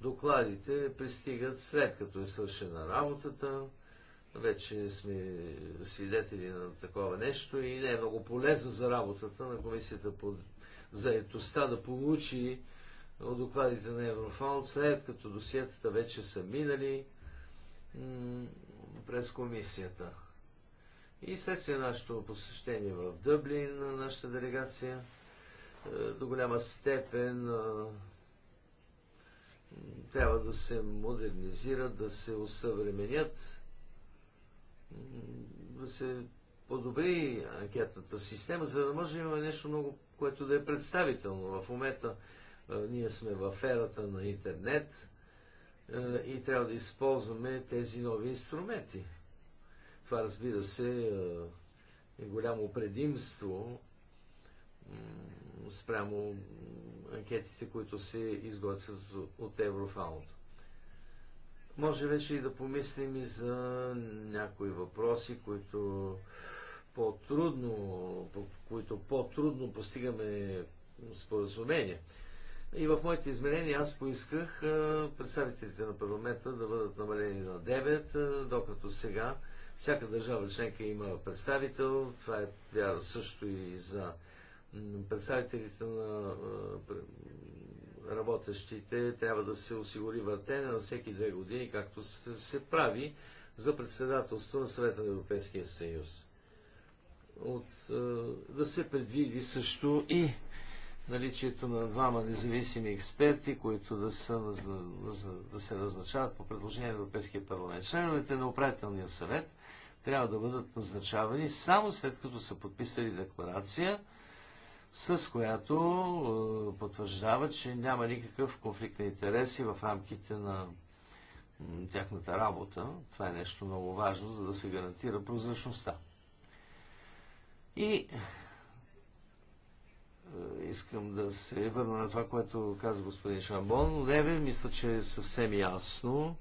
докладите пристигат след като е свършена работата. Вече сме свидетели на такова нещо и не е много полезно за работата на комисията по заедостта да получи от докладите на Еврофонд, след като досиетата вече са минали през комисията. И следствие нашето посещение в Дъблин, на нашата делегация, е, до голяма степен е, трябва да се модернизират, да се усъвременят, да се подобри анкетната система, за да може да има нещо много, което да е представително. В момента ние сме в ерата на интернет и трябва да използваме тези нови инструменти. Това, разбира се, е голямо предимство спрямо анкетите, които се изготвят от Еврофаунд. Може вече и да помислим и за някои въпроси, които по-трудно, по които по-трудно постигаме споразумение. И в моите изменения аз поисках представителите на парламента да бъдат намалени на 9, докато сега всяка държава членка има представител. Това е вярно също и за представителите на работещите. Трябва да се осигури въртене на всеки две години, както се прави за председателство на съвета на Европейския съюз. От, да се предвиди също и наличието на двама независими експерти, които да, са, да се назначават по предложение на Европейския парламент. Членовете на управителния съвет трябва да бъдат назначавани само след като са подписали декларация, с която е, потвърждава, че няма никакъв конфликт на интереси в рамките на тяхната работа. Това е нещо много важно, за да се гарантира прозрачността. И е, искам да се върна на това, което каза господин Шамбон. Леве, мисля, че е съвсем ясно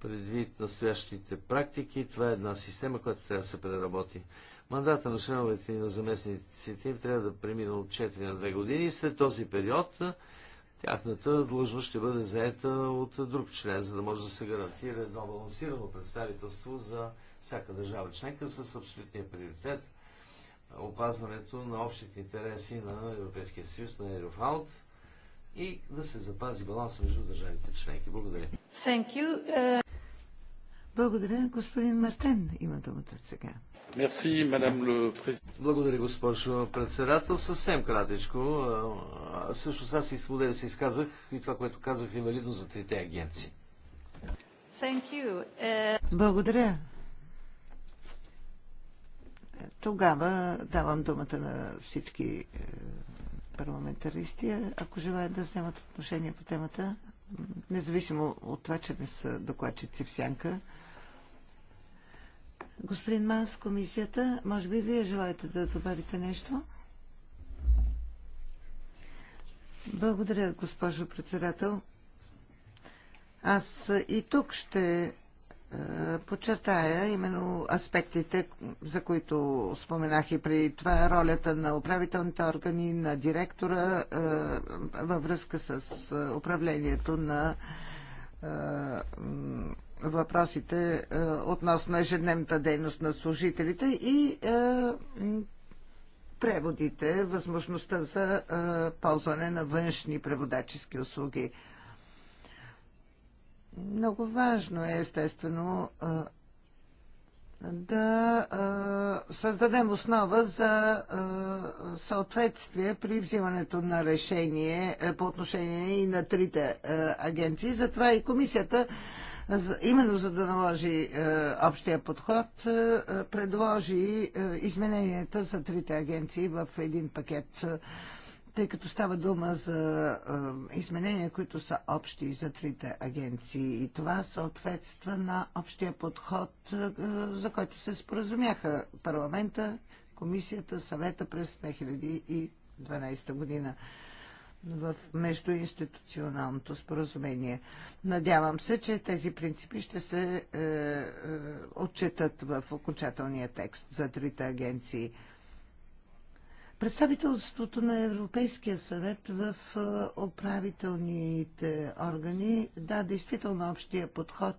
предвид настоящите практики. Това е една система, която трябва да се преработи. Мандата на членовете и на заместниците им трябва да премина от 4 на 2 години. След този период е, тяхната длъжност ще бъде заета от друг член, за да може да се гарантира едно балансирано представителство за всяка държава членка с абсолютния приоритет опазването на общите интереси на Европейския съюз, на Еврофаунд и да се запази баланс между държавите членки. Благодаря. Thank you. Uh... Благодаря. Господин Мартен има думата сега. Мерси, Благодаря, госпожо председател. Съвсем кратичко. Също аз си свободен се изказах и това, което казах е валидно за трите агенции. Thank you. Uh... Благодаря. Тогава давам думата на всички е, парламентаристи, ако желаят да вземат отношение по темата, независимо от това, че не са докладчици в сянка. Господин Манс, комисията, може би вие желаете да добавите нещо? Благодаря, госпожо председател. Аз и тук ще е, подчертая именно аспектите, за които споменах и при това ролята на управителните органи, на директора е, във връзка с е, управлението на въпросите относно ежедневната дейност на служителите и преводите, възможността за ползване на външни преводачески услуги. Много важно е, естествено, да създадем основа за съответствие при взимането на решение е, по отношение и на трите агенции. Затова и комисията, именно за да наложи общия подход, предложи измененията за трите агенции в един пакет тъй като става дума за изменения, които са общи за трите агенции и това съответства на общия подход, за който се споразумяха парламента, комисията, съвета през 2012 година в междуинституционалното споразумение. Надявам се, че тези принципи ще се е, е, отчитат в окончателния текст за трите агенции. Представителството на Европейския съвет в управителните органи, да, действително общия подход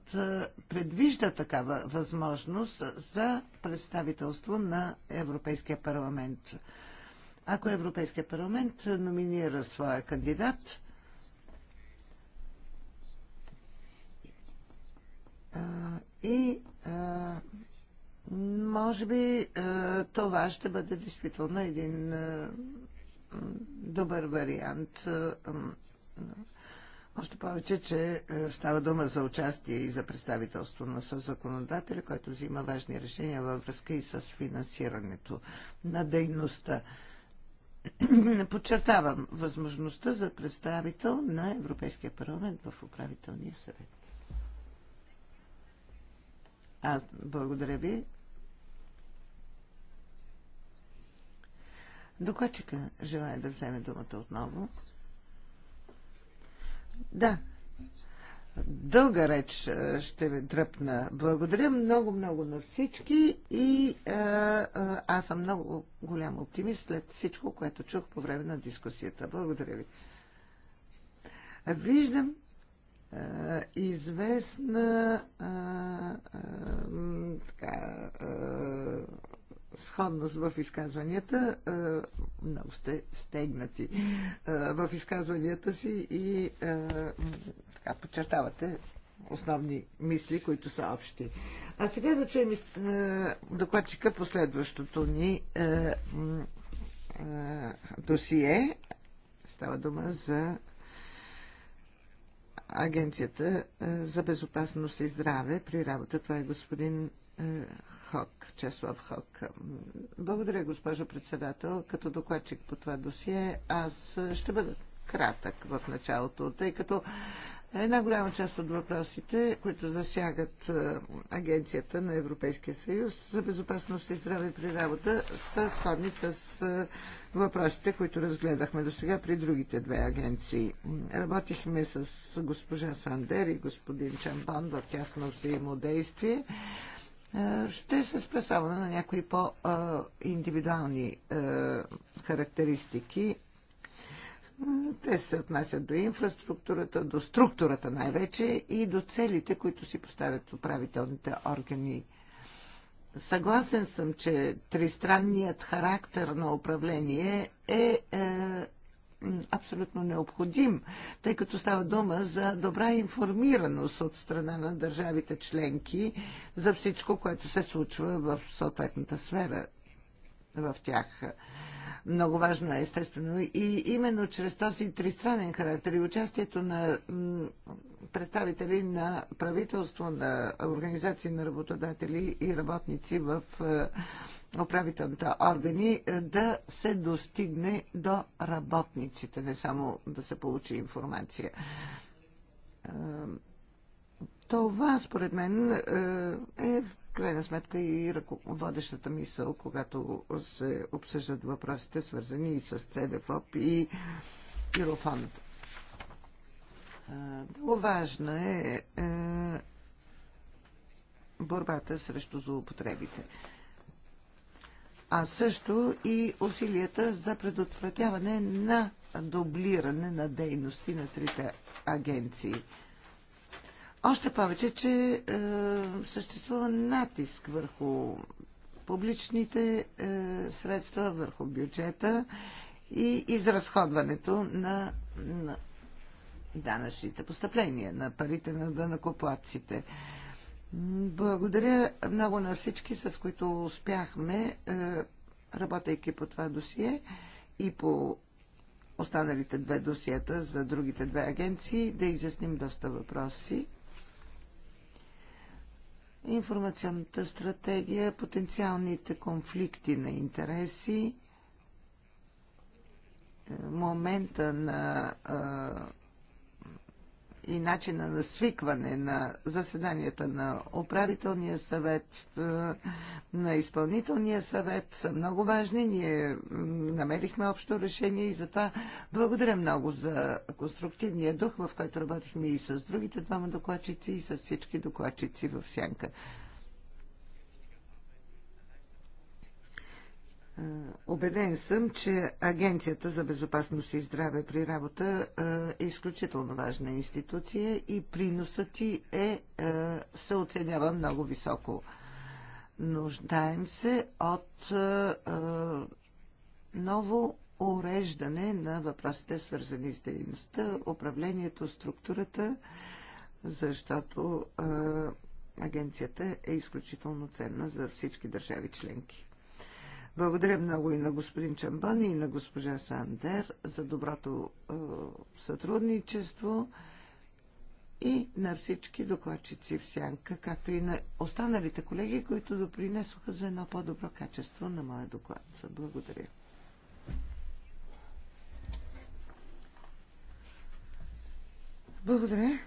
предвижда такава възможност за представителство на Европейския парламент. Ако Европейския парламент номинира своя кандидат, и може би е, това ще бъде действително един е, добър вариант. Е, още повече, че става дума за участие и за представителство на съзаконодателя, който взима важни решения във връзка и с финансирането на дейността. [clears throat] Подчертавам възможността за представител на Европейския парламент в управителния съвет. Аз благодаря ви. Докладчика желая да вземе думата отново. Да. Дълга реч ще ви дръпна. Благодаря много-много на всички и а, а, аз съм много голям оптимист след всичко, което чух по време на дискусията. Благодаря ви. Виждам а, известна а, а, така, а, сходност в изказванията. Е, много сте стегнати е, в изказванията си и е, така, подчертавате основни мисли, които са общи. А сега да чуем докладчика по следващото ни досие. Става дума за Агенцията за безопасност и здраве при работа. Това е господин Хок, Чеслав Хок. Благодаря, госпожо председател. Като докладчик по това досие, аз ще бъда кратък в началото, тъй като една голяма част от въпросите, които засягат е, Агенцията на Европейския съюз за безопасност и здраве при работа, са сходни с е, въпросите, които разгледахме до сега при другите две агенции. Работихме с госпожа Сандер и господин Чамбан в тясно взаимодействие. действие е, ще се спасава на някои по-индивидуални е, характеристики. Е, те се отнасят до инфраструктурата, до структурата най-вече и до целите, които си поставят управителните органи. Съгласен съм, че тристранният характер на управление е, е абсолютно необходим, тъй като става дума за добра информираност от страна на държавите членки за всичко, което се случва в съответната сфера в тях. Много важно е, естествено, и именно чрез този тристранен характер и участието на представители на правителство, на организации на работодатели и работници в е, управителните органи е, да се достигне до работниците, не само да се получи информация. Е, това, според мен, е, е в крайна сметка и ръководещата мисъл, когато се обсъждат въпросите, свързани и с ЦДФОП и Юрофонд. Много важна е борбата срещу злоупотребите а също и усилията за предотвратяване на дублиране на дейности на трите агенции. Още повече, че е, съществува натиск върху публичните е, средства, върху бюджета и изразходването на, на данъчните постъпления, на парите на данъкоплатците. Благодаря много на всички, с които успяхме, е, работейки по това досие и по останалите две досиета за другите две агенции, да изясним доста въпроси. Информационната стратегия, потенциалните конфликти на интереси, е, момента на е, и начина на свикване на заседанията на управителния съвет, е, на изпълнителния съвет са много важни. Ние намерихме общо решение и затова благодаря много за конструктивния дух, в който работихме и с другите двама докладчици, и с всички докладчици в Сянка. Обеден съм, че Агенцията за безопасност и здраве при работа е изключително важна институция и приносът ти е, се оценява много високо. Нуждаем се от ново уреждане на въпросите, свързани с дейността, управлението, структурата, защото Агенцията е изключително ценна за всички държави членки. Благодаря много и на господин Чамбан и на госпожа Сандер за доброто е, сътрудничество и на всички докладчици в Сянка, както и на останалите колеги, които допринесоха за едно по-добро качество на моя доклад. Благодаря. Благодаря.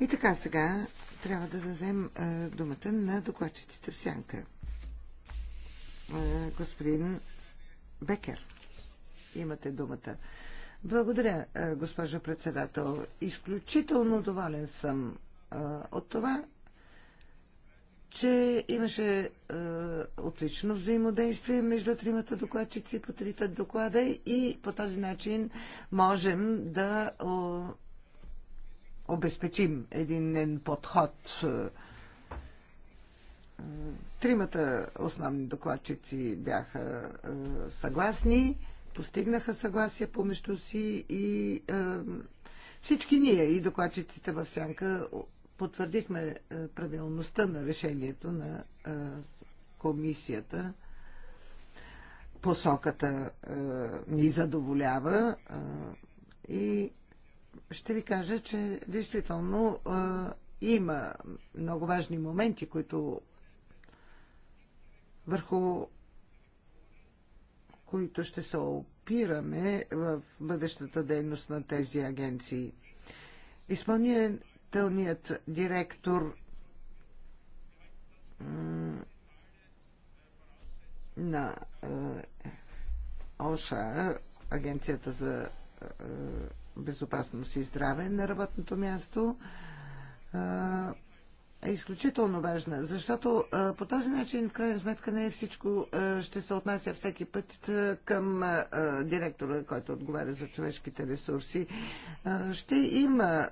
И така сега трябва да дадем е, думата на докладчиците в Сянка. Е, господин Бекер. Имате думата. Благодаря, е, госпожо председател. Изключително доволен съм е, от това, че имаше отлично взаимодействие между тримата докладчици по трите доклада и по този начин можем да обезпечим един подход. Е, Тримата основни докладчици бяха е, съгласни, постигнаха съгласие помежду си и е, всички ние и докладчиците в Сянка потвърдихме е, правилността на решението на комисията. Посоката ни задоволява и ще ви кажа, че действително има много важни моменти, които върху които ще се опираме в бъдещата дейност на тези агенции. Изпълнителният директор на е, ОША, Агенцията за е, безопасност и здраве на работното място, е, е изключително важна, защото по този начин в крайна сметка не е всичко ще се отнася всеки път към директора, който отговаря за човешките ресурси. Ще има,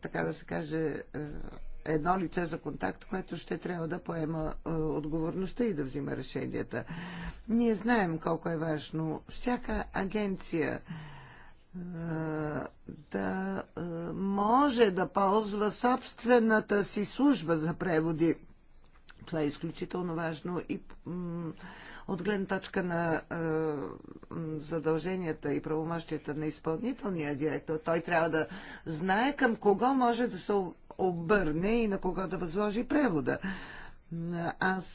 така да се каже, едно лице за контакт, което ще трябва да поема отговорността и да взима решенията. Ние знаем колко е важно всяка агенция е, да е, може да ползва собствената си служба за преводи. Това е изключително важно и от гледна точка на е, задълженията и правомощията на изпълнителния директор. Той трябва да знае към кого може да се обърне и на кого да възложи превода. Аз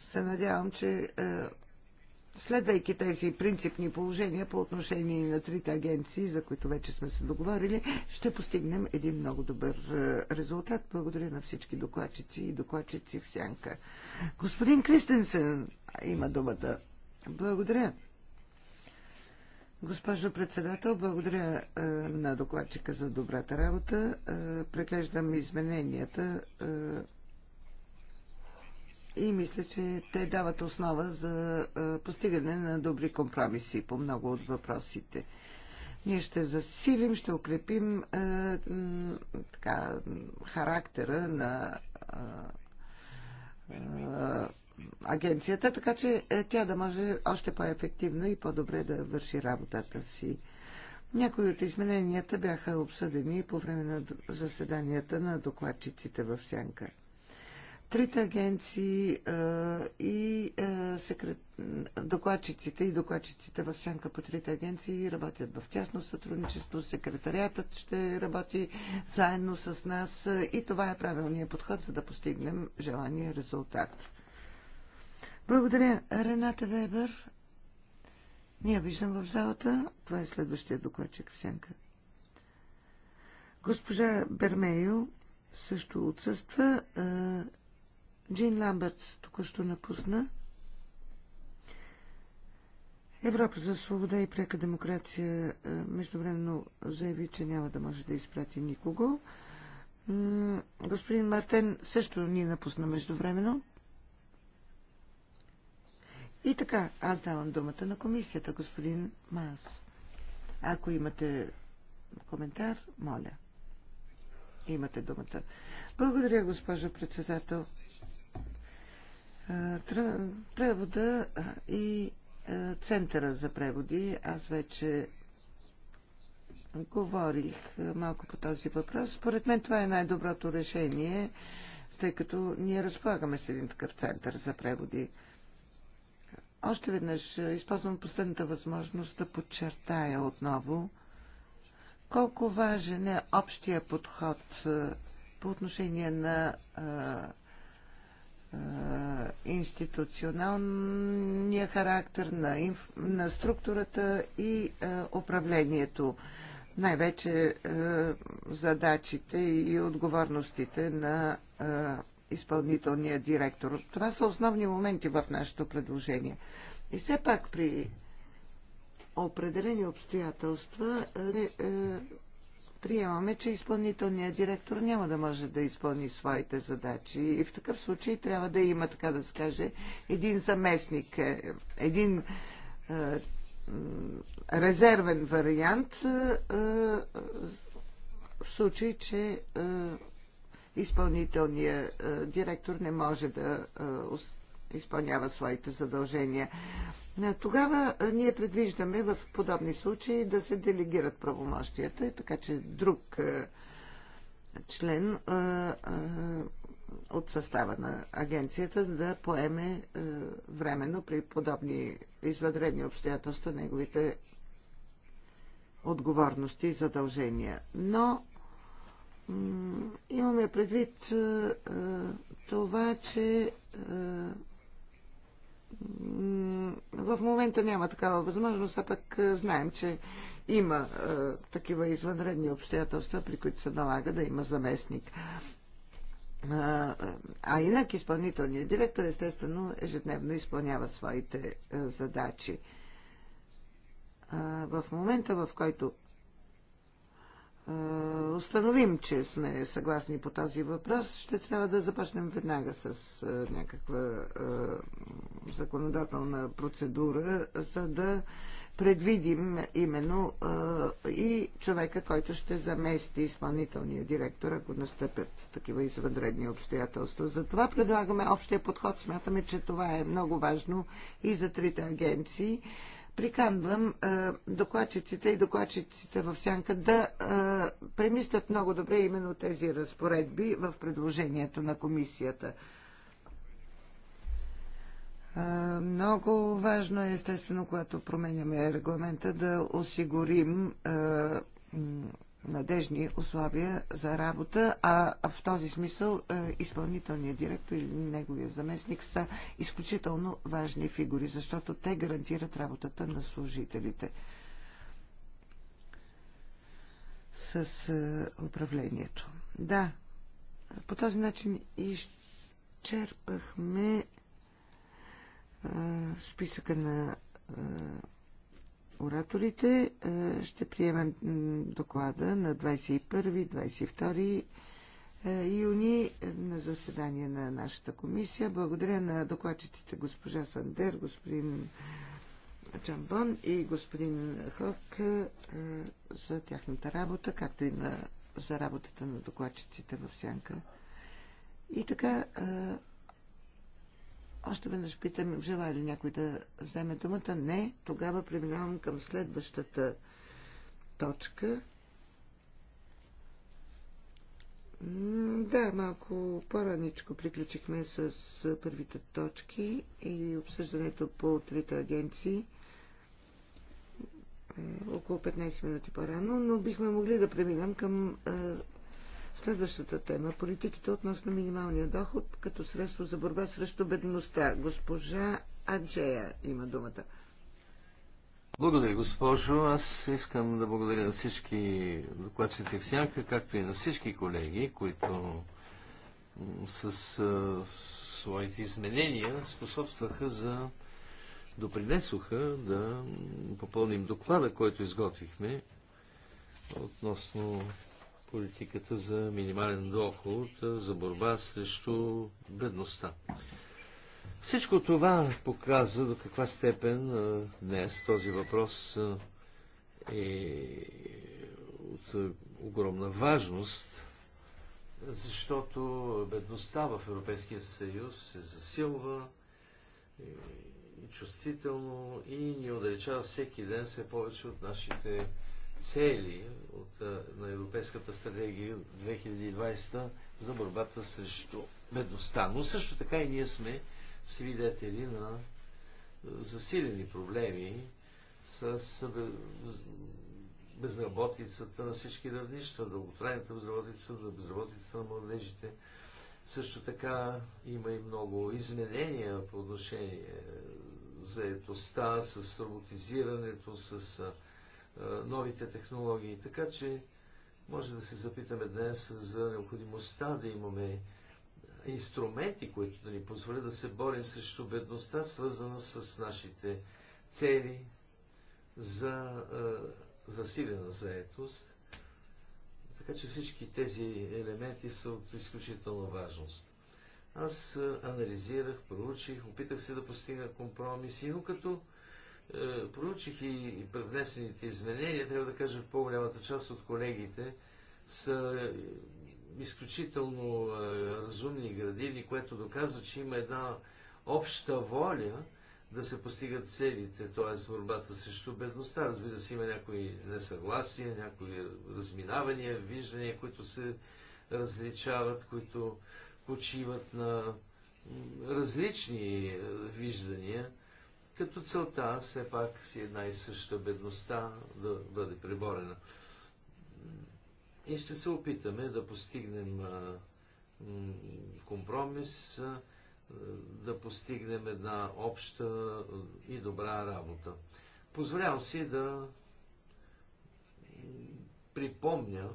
се надявам, че следвайки тези принципни положения по отношение на трите агенции, за които вече сме се договорили, ще постигнем един много добър е, резултат. Благодаря на всички докладчици и докладчици в сянка. Господин Кристенсен има думата. Благодаря. Госпожо председател, благодаря е, на докладчика за добрата работа. Е, преглеждам измененията. Е, и мисля, че те дават основа за е, постигане на добри компромиси по много от въпросите. Ние ще засилим, ще укрепим е, така, характера на е, е, агенцията, така че е, тя да може още по-ефективно и по-добре да върши работата си. Някои от измененията бяха обсъдени по време на заседанията на докладчиците в Сянка трите агенции и секрет... докладчиците и докладчиците в сянка по трите агенции работят в тясно сътрудничество. Секретариатът ще работи заедно с нас и това е правилният подход, за да постигнем желания резултат. Благодаря, Рената Вебер. Ние виждам в залата. Това е следващия докладчик в сянка. Госпожа Бермейл също отсъства. Джин Ламбърт току-що напусна. Европа за свобода и прека демокрация е, междувременно заяви, че няма да може да изпрати никого. Господин Мартен също ни напусна междувременно. И така, аз давам думата на комисията, господин Мас. Ако имате коментар, моля. Имате думата. Благодаря, госпожо председател. Превода и Центъра за преводи, аз вече говорих малко по този въпрос. Според мен това е най-доброто решение, тъй като ние разполагаме с един такъв център за преводи. Още веднъж използвам последната възможност да подчертая отново, колко важен е общия подход е, по отношение на е, е, институционалния характер на, инф... на структурата и е, управлението. Най-вече е, задачите и отговорностите на е, изпълнителния директор. Това са основни моменти в нашето предложение. И все пак при определени обстоятелства е, е, приемаме, че изпълнителният директор няма да може да изпълни своите задачи. И в такъв случай трябва да има, така да скаже, един заместник, е, един резервен вариант в случай, че изпълнителният директор не може да изпълнява своите задължения. Е, тогава е, ние предвиждаме в подобни случаи да се делегират правомощията, така че друг е, член от състава на агенцията да поеме временно при подобни извънредни обстоятелства неговите отговорности и задължения. Но имаме предвид това, че в момента няма такава възможност, а пък е, знаем, че има е, такива извънредни обстоятелства, при които се налага да има заместник. А, а инак изпълнителният директор естествено ежедневно изпълнява своите е, задачи. А, в момента, в който установим, че сме съгласни по този въпрос, ще трябва да започнем веднага с някаква законодателна процедура, за да предвидим именно и човека, който ще замести изпълнителния директор, ако настъпят такива извънредни обстоятелства. Затова предлагаме общия подход. Смятаме, че това е много важно и за трите агенции приканвам докладчиците и докладчиците в сянка да премислят много добре именно тези разпоредби в предложението на комисията. Много важно е, естествено, когато променяме регламента, да осигурим надежни условия за работа, а в този смисъл е, изпълнителният директор или неговия заместник са изключително важни фигури, защото те гарантират работата на служителите с е, управлението. Да, по този начин изчерпахме е, списъка на ораторите. Е, ще приемем доклада на 21-22 е, юни на заседание на нашата комисия. Благодаря на докладчиците госпожа Сандер, господин Чамбон и господин Хок е, за тяхната работа, както и на, за работата на докладчиците в Сянка. И така, още веднъж питам, желая ли някой да вземе думата? Не. Тогава преминавам към следващата точка. Да, малко по-раничко приключихме с първите точки и обсъждането по трите агенции около 15 минути по-рано, но бихме могли да преминем към Следващата тема – политиките относно минималния доход като средство за борба срещу бедността. Госпожа Аджея има думата. Благодаря, госпожо. Аз искам да благодаря на всички докладчици в сянка, както и на всички колеги, които с а, своите изменения способстваха за допринесоха да попълним доклада, който изготвихме относно политиката за минимален доход, за борба срещу бедността. Всичко това показва до каква степен днес този въпрос е от огромна важност, защото бедността в Европейския съюз се засилва и чувствително и ни отдалечава всеки ден все повече от нашите цели от, на Европейската стратегия 2020 за борбата срещу бедността. Но също така и ние сме свидетели на засилени проблеми с безработицата на всички равнища, дълготрайната безработица, безработицата на младежите. Също така има и много изменения по отношение заетостта, с роботизирането, с е, новите технологии. Така че може да се запитаме днес за необходимостта да имаме инструменти, които да ни позволят да се борим срещу бедността, свързана с нашите цели за е, засилена заетост. Така че всички тези елементи са от изключителна важност. Аз е, анализирах, проучих, опитах се да постигна компромиси, но като е, проучих и превнесените изменения, трябва да кажа, по-голямата част от колегите са е, изключително е, разумни и градивни, което доказва, че има една обща воля да се постигат целите, т.е. борбата срещу бедността. Разбира се, има някои несъгласия, някои разминавания, виждания, които се различават, които почиват на различни виждания – като целта все пак си една и съща бедността да бъде приборена. И ще се опитаме да постигнем компромис, да постигнем една обща и добра работа. Позволявам си да припомня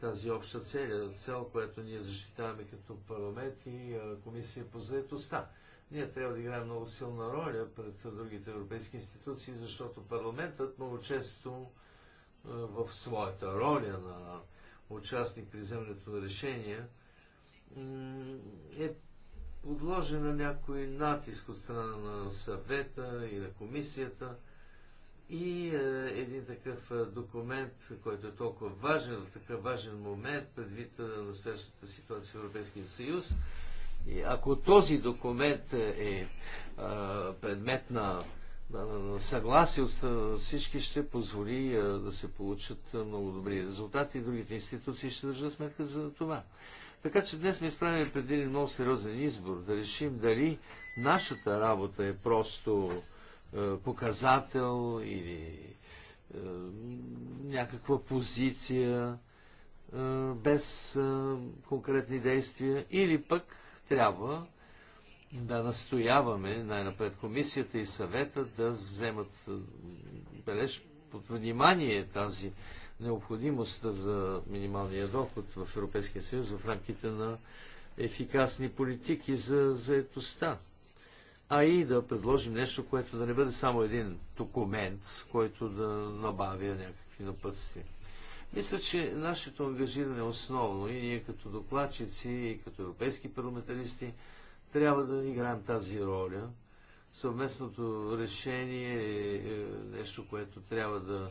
тази обща цел, цел, която ние защитаваме като парламент и комисия по заедостта. Ние трябва да играем много силна роля пред другите европейски институции, защото парламентът много често е, в своята роля на участник при вземането на решения е подложен на някой натиск от страна на съвета и на комисията. И е, един такъв е, документ, който е толкова важен, в такъв важен момент, предвид на е, настоящата ситуация в Европейския съюз, и ако този документ е, е предмет на съгласие от всички, ще позволи да се получат много добри резултати и другите институции ще държат сметка за това. Така че днес ми изправени пред един много сериозен избор да решим дали нашата работа е просто показател или някаква позиция без конкретни действия или пък трябва да настояваме най-напред комисията и съвета да вземат е, бележ под внимание тази необходимост за минималния доход в Европейския съюз в рамките на ефикасни политики за заетостта. А и да предложим нещо, което да не бъде само един документ, който да набавя някакви напътствия. Мисля, че нашето ангажиране основно и ние като докладчици и като европейски парламентаристи трябва да играем тази роля. Съвместното решение е, е нещо, което трябва да,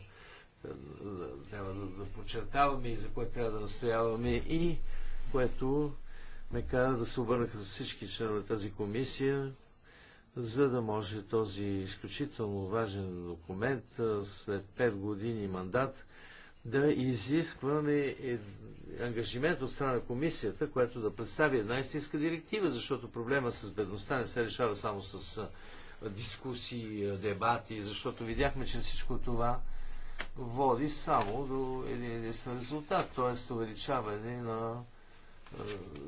да, трябва да, да подчертаваме и за което трябва да настояваме и което ме кара да се обърна към всички членове тази комисия, за да може този изключително важен документ след 5 години мандат да изискваме е, ангажимент от страна на комисията, която да представи една истинска директива, защото проблема с бедността не се решава само с дискусии, дебати, защото видяхме, че всичко това води само до един единствен резултат, т.е. увеличаване на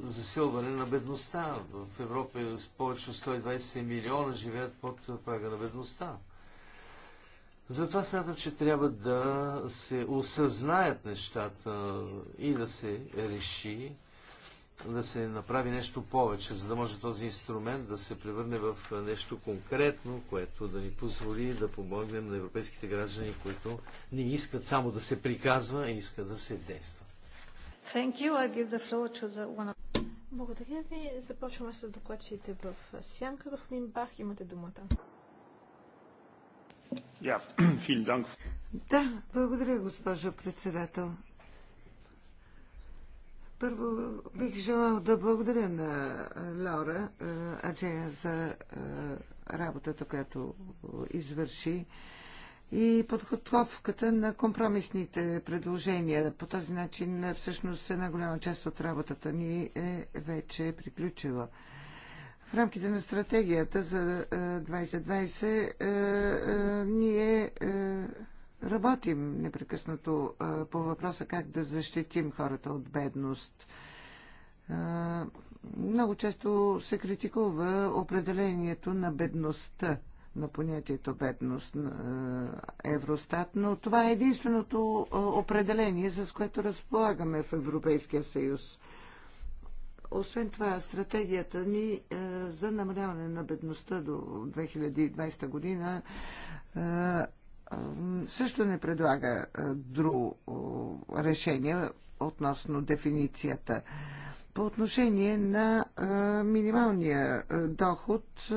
засилване на бедността. В Европа повече от 120 милиона живеят под прага на бедността. Затова смятам, че трябва да се осъзнаят нещата и да се реши, да се направи нещо повече, за да може този инструмент да се превърне в нещо конкретно, което да ни позволи да помогнем на европейските граждани, които не искат само да се приказва, а искат да се действа. One... Благодаря ви. Започваме с докладчите в Сянка. Господин Бах, имате думата. [clears throat] да, благодаря, госпожо председател. Първо бих желал да благодаря на Лаура Аджея за работата, която извърши и подготовката на компромисните предложения. По този начин всъщност една голяма част от работата ни е вече приключила. В рамките на стратегията за 2020 е, е, е, ние работим непрекъснато по въпроса как да защитим хората от бедност. Много често се критикува определението на бедността, на понятието бедност на Евростат, но това е единственото определение, с което разполагаме в Европейския съюз – освен това, стратегията ни е, за намаляване на бедността до 2020 година е, също не предлага е, друго решение относно дефиницията. По отношение на минималния доход,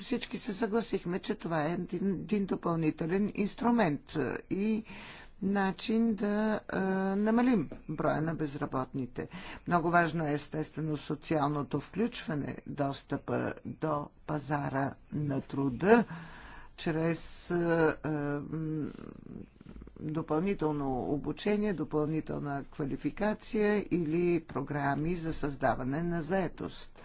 всички се съгласихме, че това е един допълнителен инструмент и начин да а, намалим броя на безработните. Много важно е естествено социалното включване, достъпа до пазара на труда чрез а, а, допълнително обучение, допълнителна квалификация или програми за създаване на заетост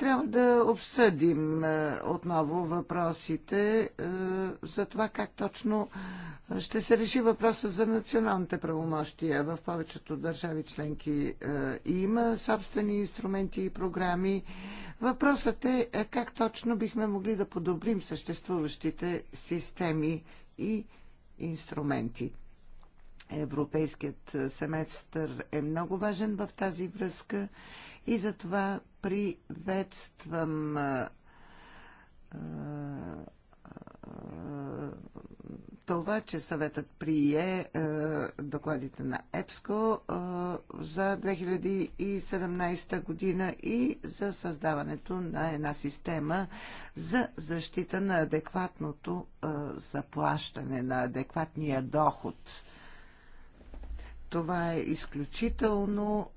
трябва да обсъдим е, отново въпросите е, за това как точно е, ще се реши въпроса за националните правомощия. В повечето държави членки има собствени инструменти и програми. Въпросът е как точно бихме могли да подобрим съществуващите системи и инструменти. Европейският семестър е много важен в тази връзка и затова приветствам това, че съветът прие а, докладите на ЕПСКО а, за 2017 година и за създаването на една система за защита на адекватното а, заплащане, на адекватния доход. Това е изключително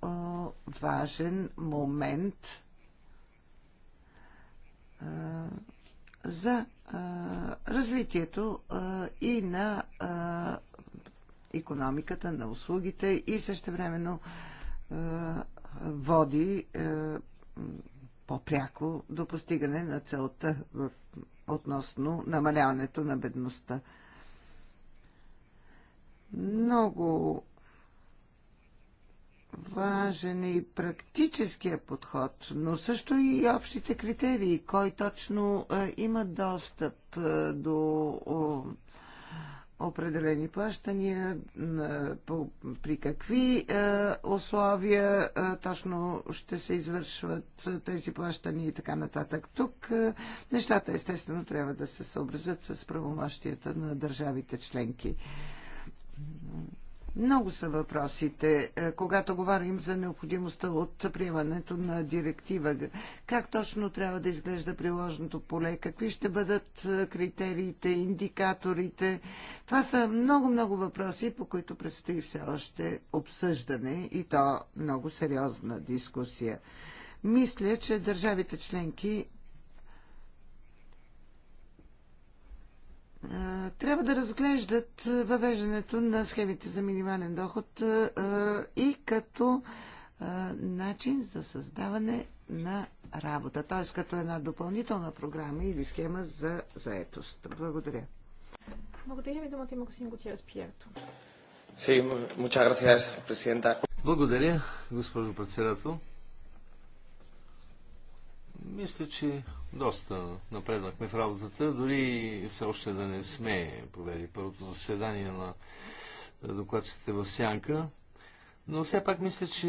важен момент за развитието и на економиката, на услугите и същевременно води по-пряко до постигане на целта в, относно намаляването на бедността. Много важен е и практическия подход, но също и общите критерии, кой точно е, има достъп е, до определени плащания, е, при какви условия точно ще се извършват тези плащания и така нататък. Тук нещата естествено трябва да се съобразят с правомощията на държавите членки. Много са въпросите, е, когато говорим за необходимостта от приемането на директива. Как точно трябва да изглежда приложното поле? Какви ще бъдат е, критериите, индикаторите? Това са много-много въпроси, по които предстои все още обсъждане и то много сериозна дискусия. Мисля, че държавите членки трябва да разглеждат е, въвеждането на схемите за минимален доход е, е, и като начин за създаване на работа, т.е. като една допълнителна програма или схема за заетост. Благодаря. Благодаря ви, думата има господин Готиерс Пиерто. Благодаря, госпожо председател. Мисля, че доста напреднахме в работата, дори все още да не сме провели първото заседание на докладчите в Сянка. Но все пак мисля, че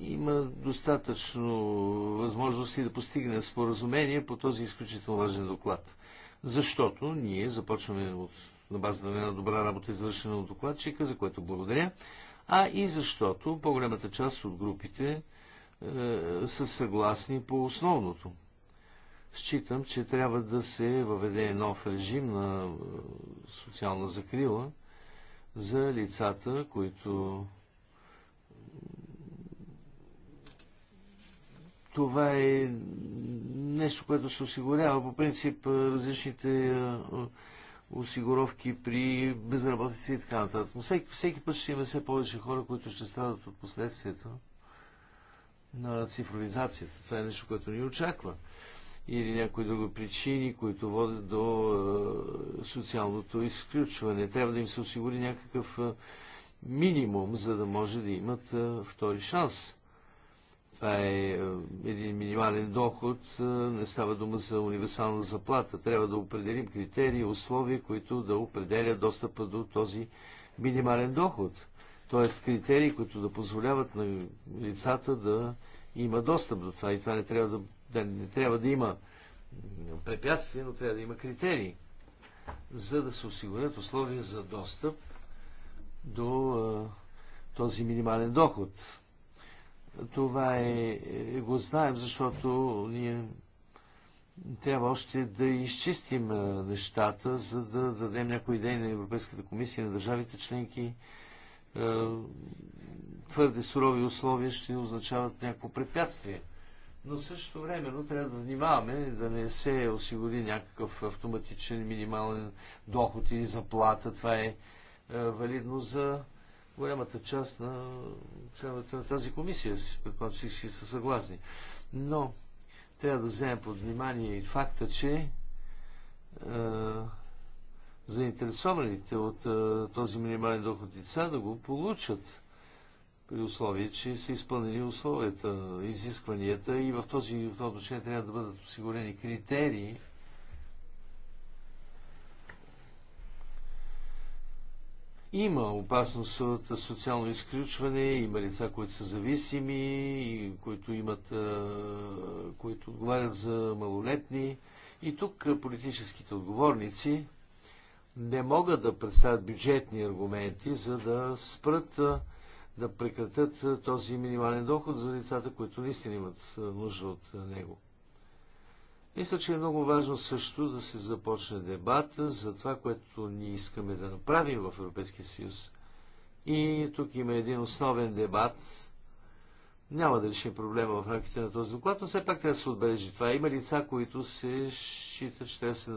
има достатъчно възможности да постигне споразумение по този изключително важен доклад. Защото ние започваме от, на базата на една добра работа, извършена от докладчика, за което благодаря, а и защото по-голямата част от групите е, са съгласни по основното. Считам, че трябва да се въведе нов режим на е, социална закрила за лицата, които това е нещо, което се осигурява по принцип е, различните осигуровки при безработица и така нататък. Но всеки, всеки път ще има все повече хора, които ще страдат от последствията на цифровизацията. Това е нещо, което ни очаква. Или някои други причини, които водят до е, социалното изключване. Трябва да им се осигури някакъв е, минимум, за да може да имат е, втори шанс. Това е един минимален доход, не става дума за универсална заплата. Трябва да определим критерии, условия, които да определят достъпа до този минимален доход т.е. критерии, които да позволяват на лицата да има достъп до това. И това не трябва да, да, не трябва да има препятствия, но трябва да има критерии, за да се осигурят условия за достъп до а, този минимален доход. Това е, е го знаем, защото ние трябва още да изчистим нещата, за да дадем някои идеи на Европейската комисия, на държавите членки, е, твърде сурови условия ще означават някакво препятствие. Но също но трябва да внимаваме да не се осигури някакъв автоматичен минимален доход или заплата. Това е, е валидно за голямата част на членовете на тази комисия. Предполагам, всички са съгласни. Но трябва да вземем под внимание и факта, че е, заинтересованите от а, е, този минимален доход деца да го получат при условие, че са изпълнени условията, изискванията и в този в отношение трябва да бъдат осигурени критерии, Има опасност от социално изключване, има лица, които са зависими, и които, имат, е, които отговарят за малолетни. И тук политическите отговорници не могат да представят бюджетни аргументи, за да спрат да прекратят този минимален доход за лицата, които наистина имат нужда от него. Мисля, че е много важно също да се започне дебата за това, което ние искаме да направим в Европейския съюз. И тук има един основен дебат. Няма да решим проблема в рамките на този доклад, но все пак трябва да се отбележи това. Има лица, които се считат, че трябва да се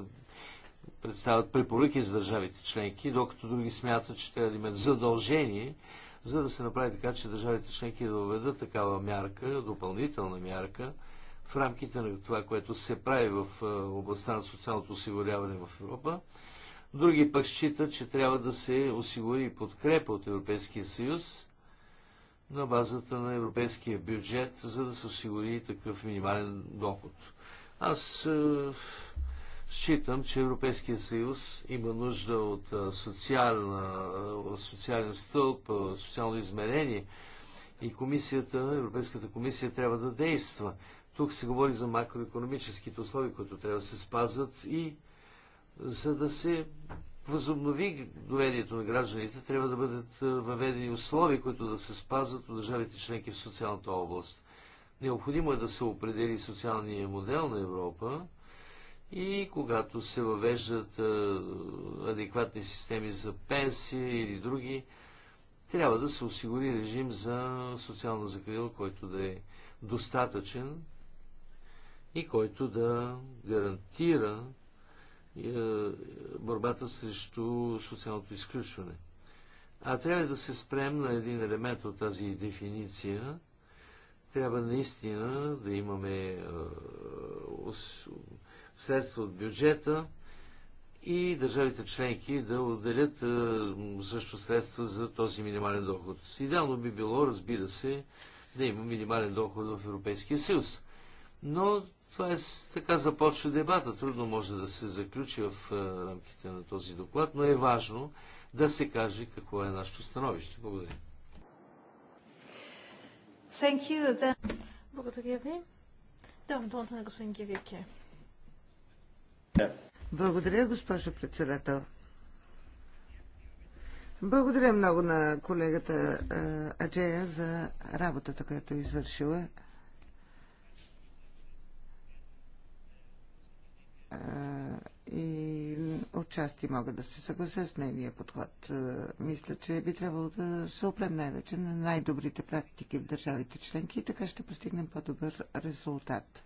представят препоръки за държавите членки, докато други смятат, че трябва да имат задължение, за да се направи така, че държавите членки да въведат такава мярка, допълнителна мярка, в рамките на това, което се прави в областта на социалното осигуряване в Европа. Други пък считат, че трябва да се осигури подкрепа от Европейския съюз на базата на европейския бюджет, за да се осигури такъв минимален доход. Аз Считам, че Европейския съюз има нужда от социална, социален стълб, социално измерение и комисията, Европейската комисия трябва да действа. Тук се говори за макроекономическите условия, които трябва да се спазват и за да се възобнови доверието на гражданите, трябва да бъдат въведени условия, които да се спазват от държавите членки в социалната област. Необходимо е да се определи социалния модел на Европа, и когато се въвеждат е, адекватни системи за пенсии или други, трябва да се осигури режим за социална закрила, който да е достатъчен и който да гарантира е, борбата срещу социалното изключване. А трябва да се спрем на един елемент от тази дефиниция. Трябва наистина да имаме е, средства от бюджета и държавите членки да отделят е, също средства за този минимален доход. Идеално би било, разбира се, да има минимален доход в Европейския съюз. Но това е така започва дебата. Трудно може да се заключи в е, рамките на този доклад, но е важно да се каже какво е нашето становище. Благодаря. Thank you. Then... Благодаря ви. Давам думата на господин Гирике. Благодаря, госпожо председател. Благодаря много на колегата Аджея за работата, която е извършила. И отчасти мога да се съглася с нейния подход. Мисля, че би трябвало да се опрем най-вече на най-добрите практики в държавите членки и така ще постигнем по-добър резултат.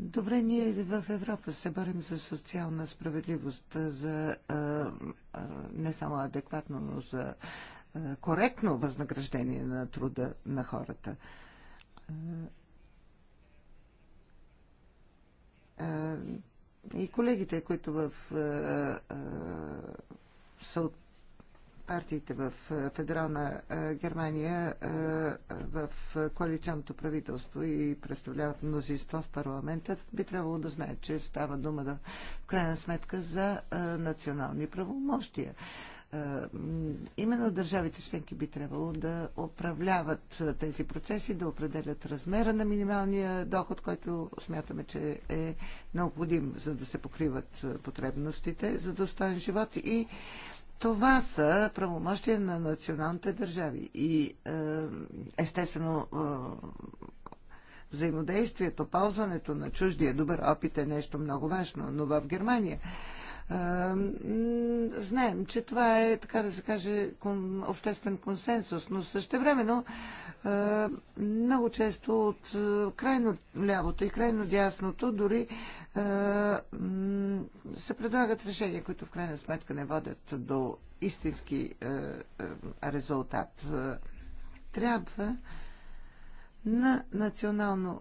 Добре, ние в Европа се борим за социална справедливост, за а, а, не само адекватно, но за а, коректно възнаграждение на труда на хората. И колегите, които в, са от партиите в е, федерална е, Германия е, в коалиционното правителство и представляват мнозинство в парламента, би трябвало да знаят, че става дума да, в крайна сметка за национални правомощия. Именно държавите членки би трябвало да управляват тези процеси, да определят размера на минималния доход, който смятаме, че е необходим, за да се покриват потребностите за достоен живот и това са правомощия на националните държави и е, естествено е, взаимодействието, ползването на чуждия добър опит е нещо много важно, но в Германия Знаем, че това е, така да се каже, обществен консенсус, но същевременно много често от крайно лявото и крайно дясното дори се предлагат решения, които в крайна сметка не водят до истински резултат. Трябва на национално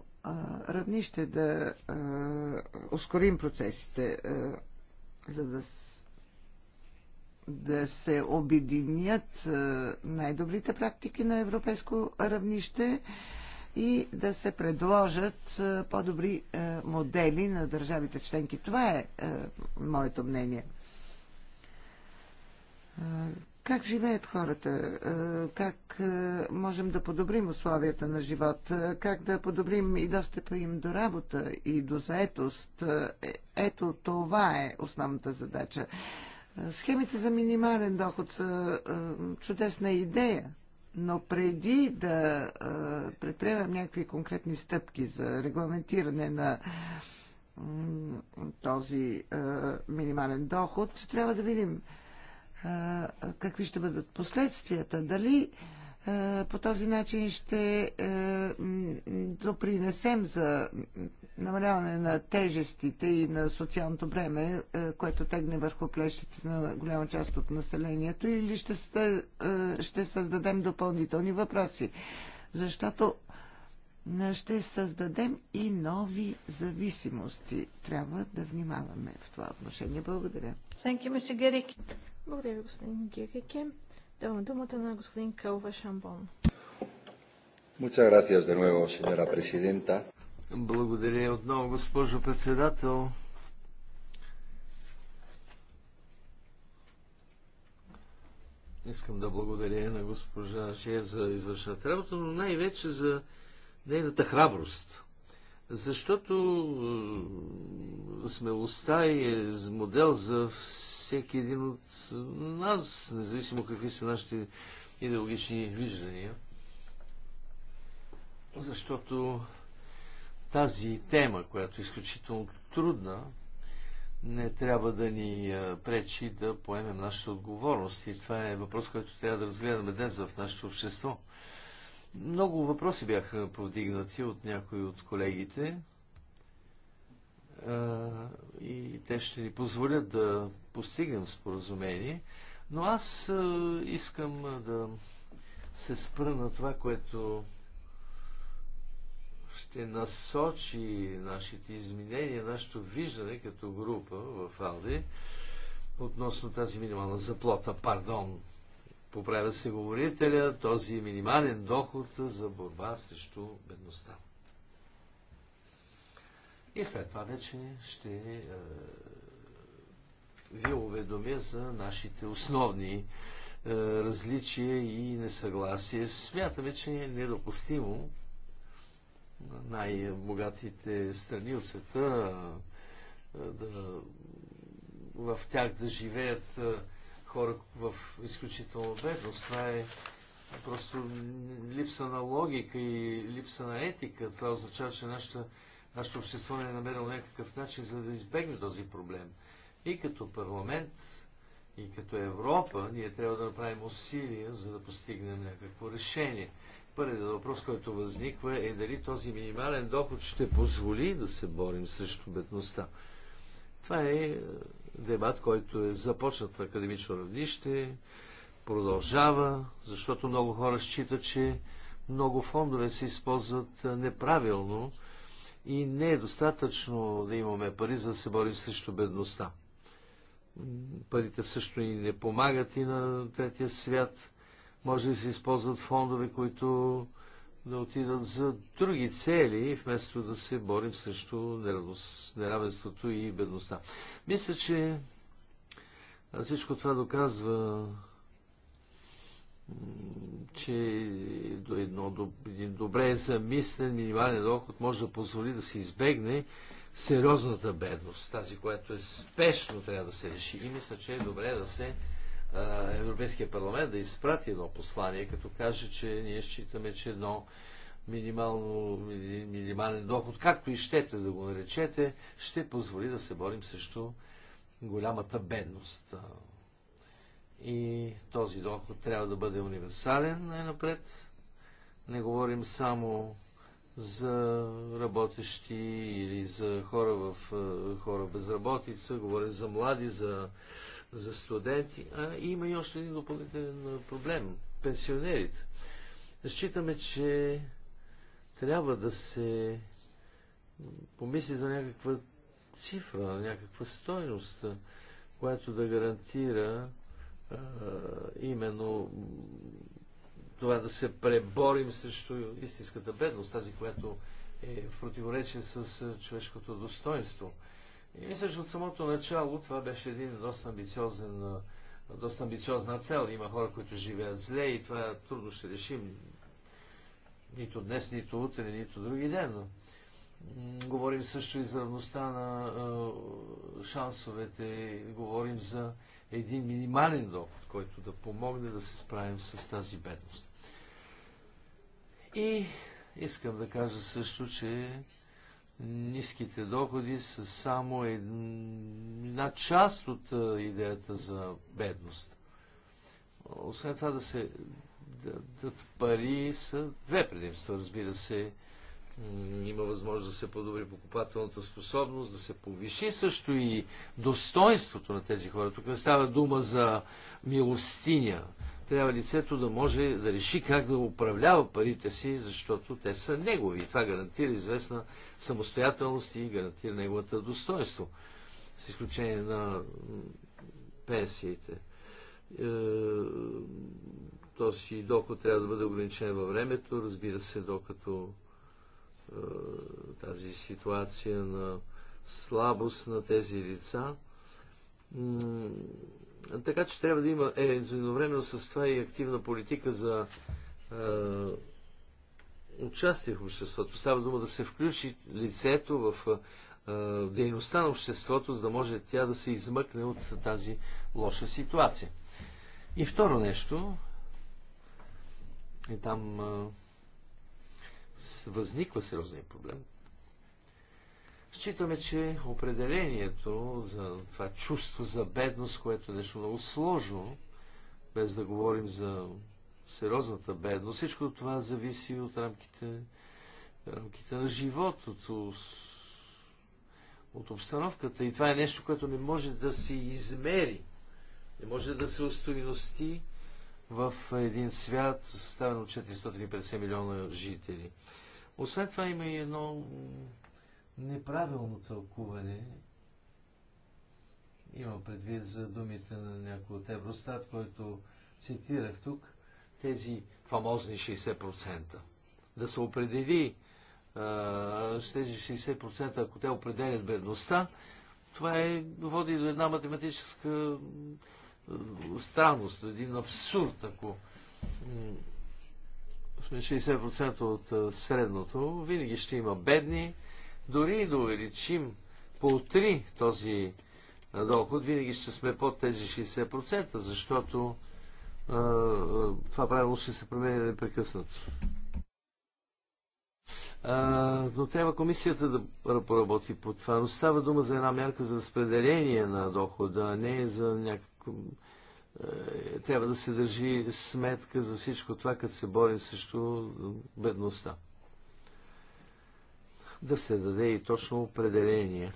равнище да ускорим процесите за да, да се обединят е, най-добрите практики на европейско равнище и да се предложат е, по-добри е, модели на държавите членки. Това е моето мнение. Как живеят хората? Е, как е, можем да подобрим условията на живот? Е, как да подобрим и достъпа им до работа и до заетост? Ето това е основната задача. Схемите за минимален доход са чудесна идея, но преди да предприемем някакви конкретни стъпки за регламентиране на този минимален доход, трябва да видим какви ще бъдат последствията, дали по този начин ще допринесем за намаляване на тежестите и на социалното бреме, което тегне върху плещите на голяма част от населението, или ще, ще създадем допълнителни въпроси. Защото ще създадем и нови зависимости. Трябва да внимаваме в това отношение. Благодаря. Благодаря ви, господин Гирике. Давам думата на господин Калва Шамбон. Благодаря отново, госпожо председател. Искам да благодаря на госпожа Жия за извършената работа, но най-вече за нейната храброст. Защото е, смелостта е модел за всеки един от нас, независимо какви са нашите идеологични виждания. Защото тази тема, която е изключително трудна, не трябва да ни пречи да поемем нашата отговорност. И това е въпрос, който трябва да разгледаме днес в нашето общество. Много въпроси бяха повдигнати от някои от колегите, и те ще ни позволят да постигнем споразумение. Но аз искам да се спра на това, което ще насочи нашите изменения, нашето виждане като група в Алди, относно тази минимална заплата, пардон, поправя се говорителя, този минимален доход за борба срещу бедността. И след това вече ще е, ви уведомя за нашите основни е, различия и несъгласия. Смятаме, че е недопустимо най-богатите страни от света е, да, в тях да живеят е, хора в изключително бедност. Това е просто липса на логика и липса на етика. Това означава, че нашата нашето общество не е намерило някакъв начин, за да избегне този проблем. И като парламент, и като Европа, ние трябва да направим усилия, за да постигнем някакво решение. Първият въпрос, който възниква е дали този минимален доход ще позволи да се борим срещу бедността. Това е, е дебат, който е започнат на академично равнище, продължава, защото много хора считат, че много фондове се използват е, неправилно и не е достатъчно да имаме пари, за да се борим срещу бедността. Парите също и не помагат и на третия свят. Може да се използват фондове, които да отидат за други цели, вместо да се борим срещу неравенството и бедността. Мисля, че всичко това доказва че едно, един добре замислен минимален доход може да позволи да се избегне сериозната бедност, тази, която е спешно трябва да се реши. И мисля, че е добре да се а, Европейския парламент да изпрати едно послание, като каже, че ние считаме, че едно минимално, минимален доход, както и щете да го наречете, ще позволи да се борим срещу голямата бедност. И този доход трябва да бъде универсален най-напред. Не говорим само за работещи или за хора в е, хора безработица, говорим за млади, за, за студенти. А има и още един допълнителен е, проблем пенсионерите. Считаме, че трябва да се помисли за някаква цифра, някаква стойност, е, която да гарантира именно това да се преборим срещу истинската бедност, тази, която е в противоречие с човешкото достоинство. И мисля, че от самото начало това беше един доста амбициозен доста амбициозна цел. Има хора, които живеят зле и това трудно ще решим нито днес, нито утре, нито други ден. Но... Говорим също и за равността на шансовете, говорим за един минимален доход, който да помогне да се справим с тази бедност. И искам да кажа също, че ниските доходи са само една част от идеята за бедност. Освен това да се дадат пари са две предимства, разбира се има възможност да се подобри покупателната способност, да се повиши също и достоинството на тези хора. Тук не става дума за милостиня. Трябва лицето да може да реши как да управлява парите си, защото те са негови. това гарантира известна самостоятелност и гарантира неговата достоинство. С изключение на пенсиите е, този доход трябва да бъде ограничен във времето, разбира се, докато е, тази ситуация на слабост на тези лица. Така че трябва да има е, едновременно с това и активна политика за е, участие в обществото. Става дума да се включи лицето в е, е дейността на обществото, за да може тя да се измъкне от тази лоша ситуация. И второ нещо, и е там възниква сериозен проблем. Считаме, че определението за това чувство за бедност, което е нещо много сложно, без да говорим за сериозната бедност, всичко това зависи от рамките, рамките на живота, от, от обстановката. И това е нещо, което не може да се измери, не може да се устойности в един свят, съставен от 450 милиона жители. Освен това има и едно неправилно тълкуване. Има предвид за думите на някой от Евростат, който цитирах тук, тези фамозни 60%. Да се определи с тези 60%, ако те определят бедността, това е, води до една математическа странност, един абсурд, ако сме 60% от средното, винаги ще има бедни, дори и да увеличим по 3 този доход, винаги ще сме под тези 60%, защото а, това правило ще се променя непрекъснато. А, но трябва комисията да поработи по това. Но става дума за една мярка за разпределение на дохода, а не за някакъв е, трябва да се държи сметка за всичко това, като се бори срещу бедността. Да се даде и точно определение.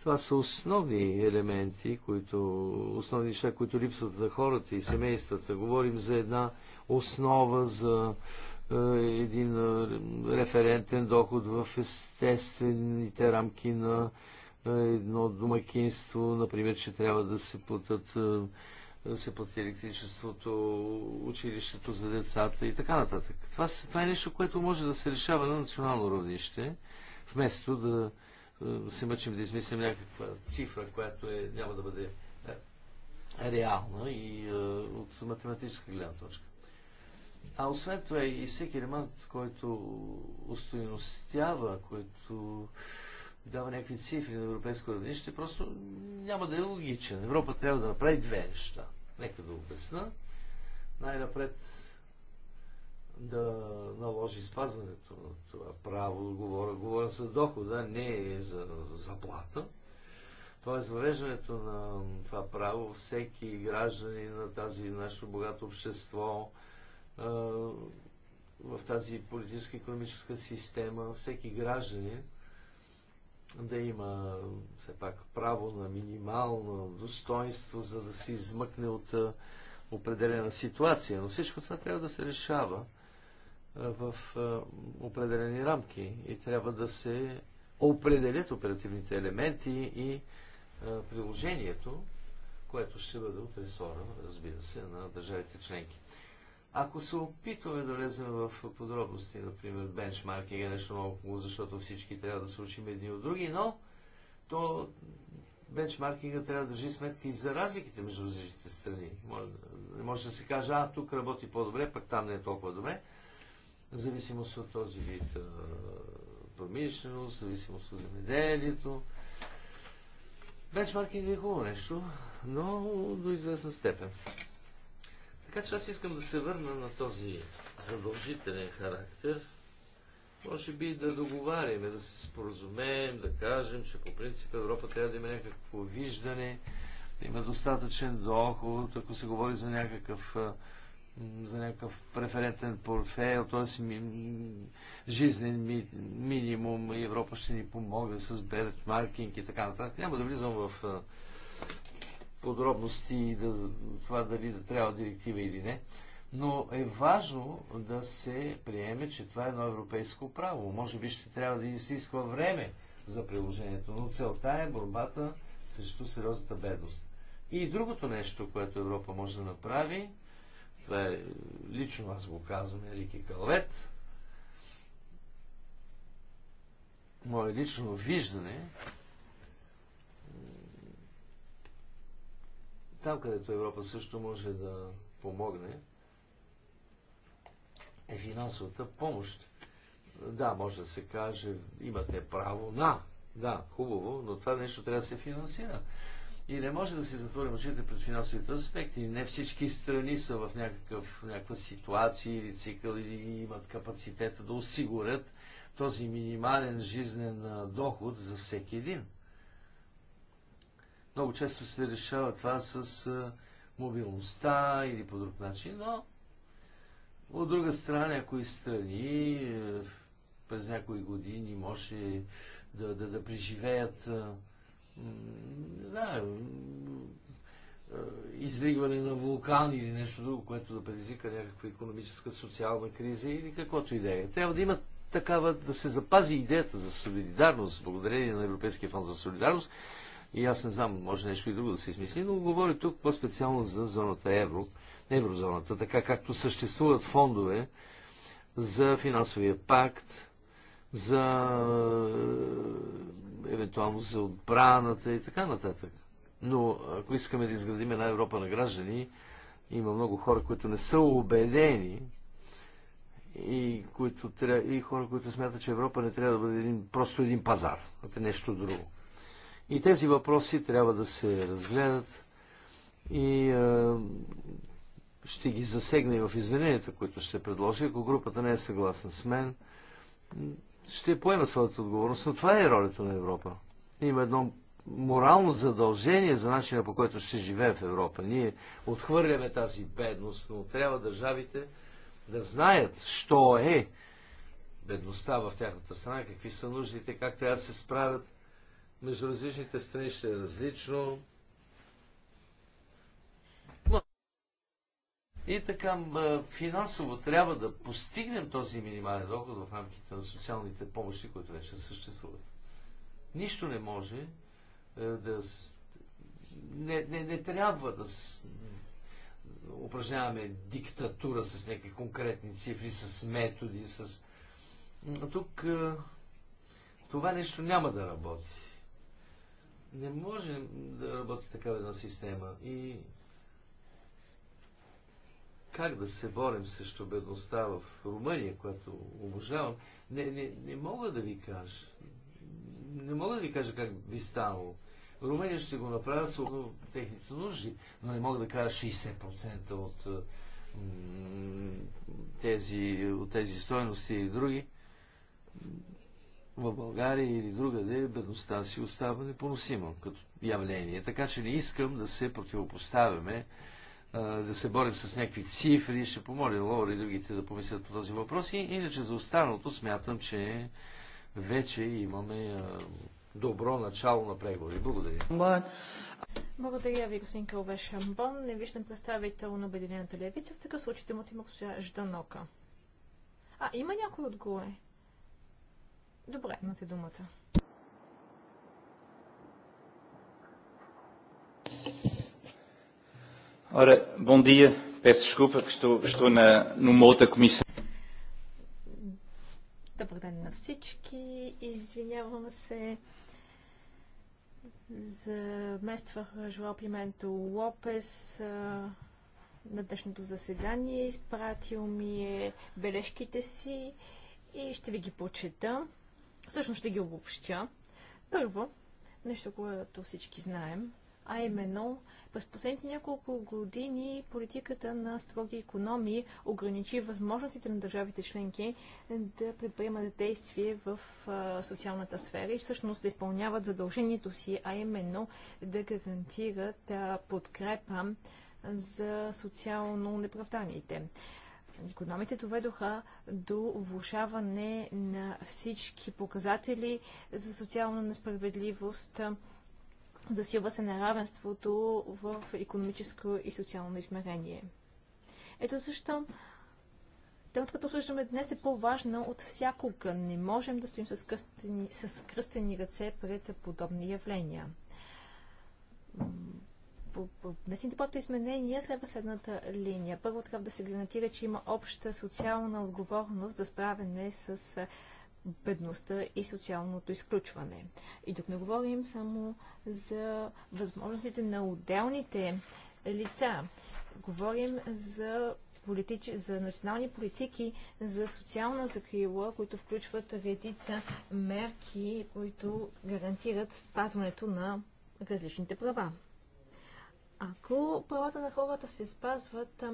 Това са основни елементи, които, основни неща, които липсват за хората и семействата. Говорим за една основа за е, един е, референтен доход в естествените рамки на е, едно домакинство, например, че трябва да се платят е, да се плати електричеството, училището за децата и така нататък. Това, това е нещо, което може да се решава на национално равнище, вместо да е, се мъчим да измислим някаква цифра, която е, няма да бъде реална и от математическа гледна точка. А освен това и всеки елемент, който устойностява, който дава някакви цифри на европейско равнище, просто няма да е логичен. Европа трябва да направи две неща. Нека да обясна. Най-напред да наложи спазването на това право. Говоря, говоря за дохода, не за заплата. Тоест, въвеждането на това право, всеки граждани на тази нашето богато общество, в тази политическа-економическа система, всеки гражданин да има все пак право на минимално достоинство, за да се измъкне от определена ситуация. Но всичко това трябва да се решава в определени рамки и трябва да се определят оперативните елементи и приложението, което ще бъде от ресора, разбира се, на държавите членки. Ако се опитваме да влезем в подробности, например, бенчмаркинг е нещо много, хубаво, защото всички трябва да се учим едни от други, но то бенчмаркинга трябва да държи сметка и за разликите между различните страни. Може, може да се каже, а, тук работи по-добре, пък там не е толкова добре. В зависимост от този вид промишленост, зависимост от земеделието. Бенчмаркинг е хубаво нещо, но до известна степен. Така че аз искам да се върна на този задължителен характер. Може би да договаряме, да се споразумеем, да кажем, че по принцип Европа трябва да има някакво виждане, да има достатъчен доход, ако се говори за някакъв за някакъв преферентен портфейл, т.е. Ми, жизнен ми, минимум и Европа ще ни помогне с Берет Маркинг и така нататък. Няма да влизам в подробности и да, това дали да трябва директива или не. Но е важно да се приеме, че това е едно европейско право. Може би ще трябва да изисква време за приложението, но целта е борбата срещу сериозната бедност. И другото нещо, което Европа може да направи, това е лично аз го казвам, Рики Калвет, мое лично виждане Там, където Европа също може да помогне, е финансовата помощ. Да, може да се каже, имате право на. Да, хубаво, но това нещо трябва да се финансира. И не може да си затворим очите пред финансовите аспекти. Не всички страни са в някакъв, някаква ситуация или цикъл или имат капацитета да осигурят този минимален жизнен доход за всеки един. Много често се решава това с мобилността или по друг начин, но от друга страна някои страни е, през някои години може да, да, да преживеят не знаю, изригване на вулкан или нещо друго, което да предизвика някаква економическа, социална криза или каквото идея. Трябва да има такава, да се запази идеята за солидарност, благодарение на Европейския фонд за солидарност, и аз не знам, може нещо и друго да се измисли, но говори тук по-специално за зоната евро, еврозоната, така както съществуват фондове за финансовия пакт, за е, евентуално за отбраната и така нататък. Но ако искаме да изградим една Европа на граждани, има много хора, които не са убедени и, които, и хора, които смятат, че Европа не трябва да бъде един, просто един пазар, а е нещо друго. И тези въпроси трябва да се разгледат и а, ще ги засегна и в извиненията, които ще предложи. Ако групата не е съгласна с мен, ще поема своята отговорност. Но това е ролята на Европа. Има едно морално задължение за начина по който ще живеем в Европа. Ние отхвърляме тази бедност, но трябва държавите да знаят, що е бедността в тяхната страна, какви са нуждите, как трябва да се справят между различните страни ще е различно. И така, финансово трябва да постигнем този минимален доход в рамките на социалните помощи, които вече съществуват. Нищо не може е, да. Не, не, не трябва да упражняваме диктатура с някакви конкретни цифри, с методи, с. Тук е, това нещо няма да работи. Не може да работи такава една система. И как да се борим срещу бедността в Румъния, която обожавам, не, не, не мога да ви кажа. Не мога да ви кажа как би станало. Румъния ще го направят съобразно техните нужди, но не мога да кажа 60% от тези, от тези стойности и други в България или другаде бедността си остава непоносима като явление. Така че не искам да се противопоставяме, да се борим с някакви цифри. Ще помоля Лора и другите да помислят по този въпрос. И иначе за останалото смятам, че вече имаме добро начало на преговори. Благодаря. Благодаря ви, господин Калве Шамбон. Не виждам представител на Обединената левица. В такъв случай му има госпожа Жданока. А, има някой отгоре. Добре, имате думата. Ora, bom dia. Peço desculpa que estou, estou na, numa outra comissão. Добър ден на всички. Извинявам се. Замествах Жоал Пименто Лопес на днешното заседание. Изпратил ми е бележките си и ще ви ги почета. Всъщност ще ги обобщя. Първо, нещо, което всички знаем, а именно през последните няколко години политиката на строги економии ограничи възможностите на държавите членки да предприемат действие в а, социалната сфера и всъщност да изпълняват задължението си, а именно да гарантират а, подкрепа за социално неправданите. Економите доведоха до влушаване на всички показатели за социална несправедливост. Засилва се неравенството в економическо и социално измерение. Ето защо темата, като обсъждаме днес, е по-важна от всякога. Не можем да стоим с кръстени, с кръстени ръце пред подобни явления местните пото изменения следва следната линия. Първо трябва да се гарантира, че има обща социална отговорност за справяне с бедността и социалното изключване. И тук не говорим само за възможностите на отделните лица. Говорим за, политич... за национални политики за социална закрила, които включват редица мерки, които гарантират спазването на различните права. Ако правата на хората се спазват,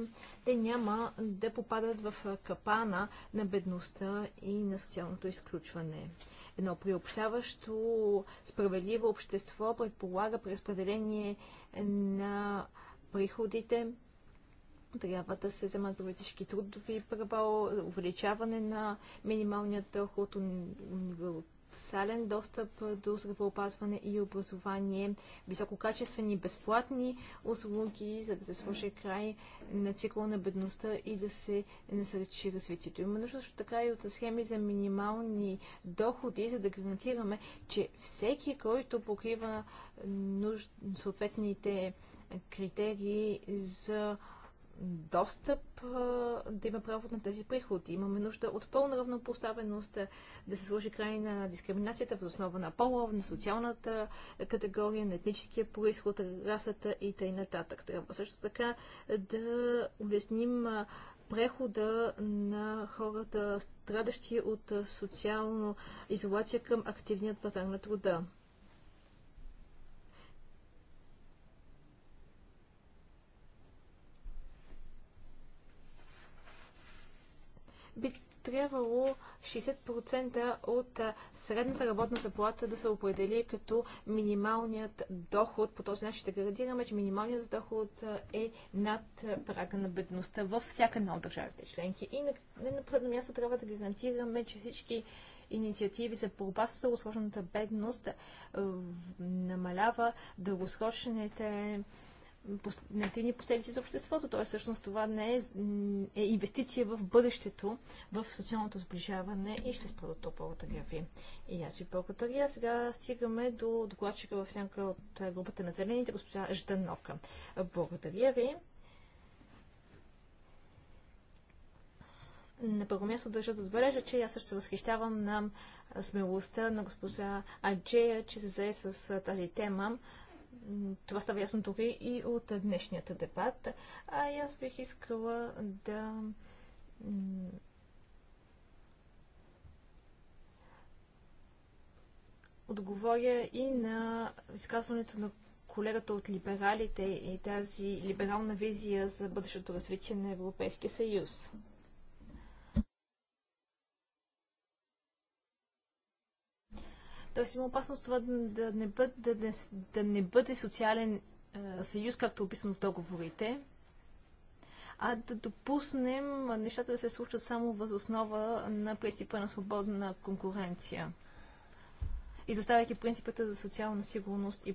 те няма да попадат в капана на бедността и на социалното изключване. Едно приобщаващо, справедливо общество предполага преразпределение на приходите, трябва да се вземат политически трудови права, увеличаване на минималният доход, универсален достъп до здравеопазване и образование, висококачествени безплатни услуги, за да се сложи край на цикъл на бедността и да се насърчи развитието. Има нужда също така и от схеми за минимални доходи, за да гарантираме, че всеки, който покрива нужд... съответните критерии за достъп, да има право на тези приходи. Имаме нужда от пълна равнопоставеност, да се сложи край на дискриминацията в основа на пола, на социалната категория, на етническия происход, расата и т.н. Трябва също така да улесним прехода на хората, страдащи от социална изолация към активният пазар на труда. би трябвало 60% от средната работна заплата да се определи като минималният доход. По този начин ще гарантираме, че минималният доход е над прага на бедността във всяка една от държавите членки. И на, не на последно място трябва да гарантираме, че всички инициативи за борба с дългосрочната бедност намалява дългосрочните негативни е последици за обществото. Т.е. всъщност това не е, е инвестиция в бъдещето, в социалното сближаване и ще спра до то благодаря ви. И аз ви благодаря. Сега стигаме до докладчика в сянка от групата на зелените, госпожа Жданока. Благодаря ви. На първо място държа да отбележа, че аз също се възхищавам на смелостта на госпожа Аджея, че се зае с тази тема. Това става ясно дори и от днешният дебат. А и аз бих искала да отговоря и на изказването на колегата от либералите и тази либерална визия за бъдещото развитие на Европейския съюз. Тоест има опасност това да не бъде, да не, да не бъде социален а, е, съюз, както е описано в договорите, а да допуснем нещата да се случат само въз основа на принципа на свободна конкуренция, изоставяйки принципата за социална сигурност и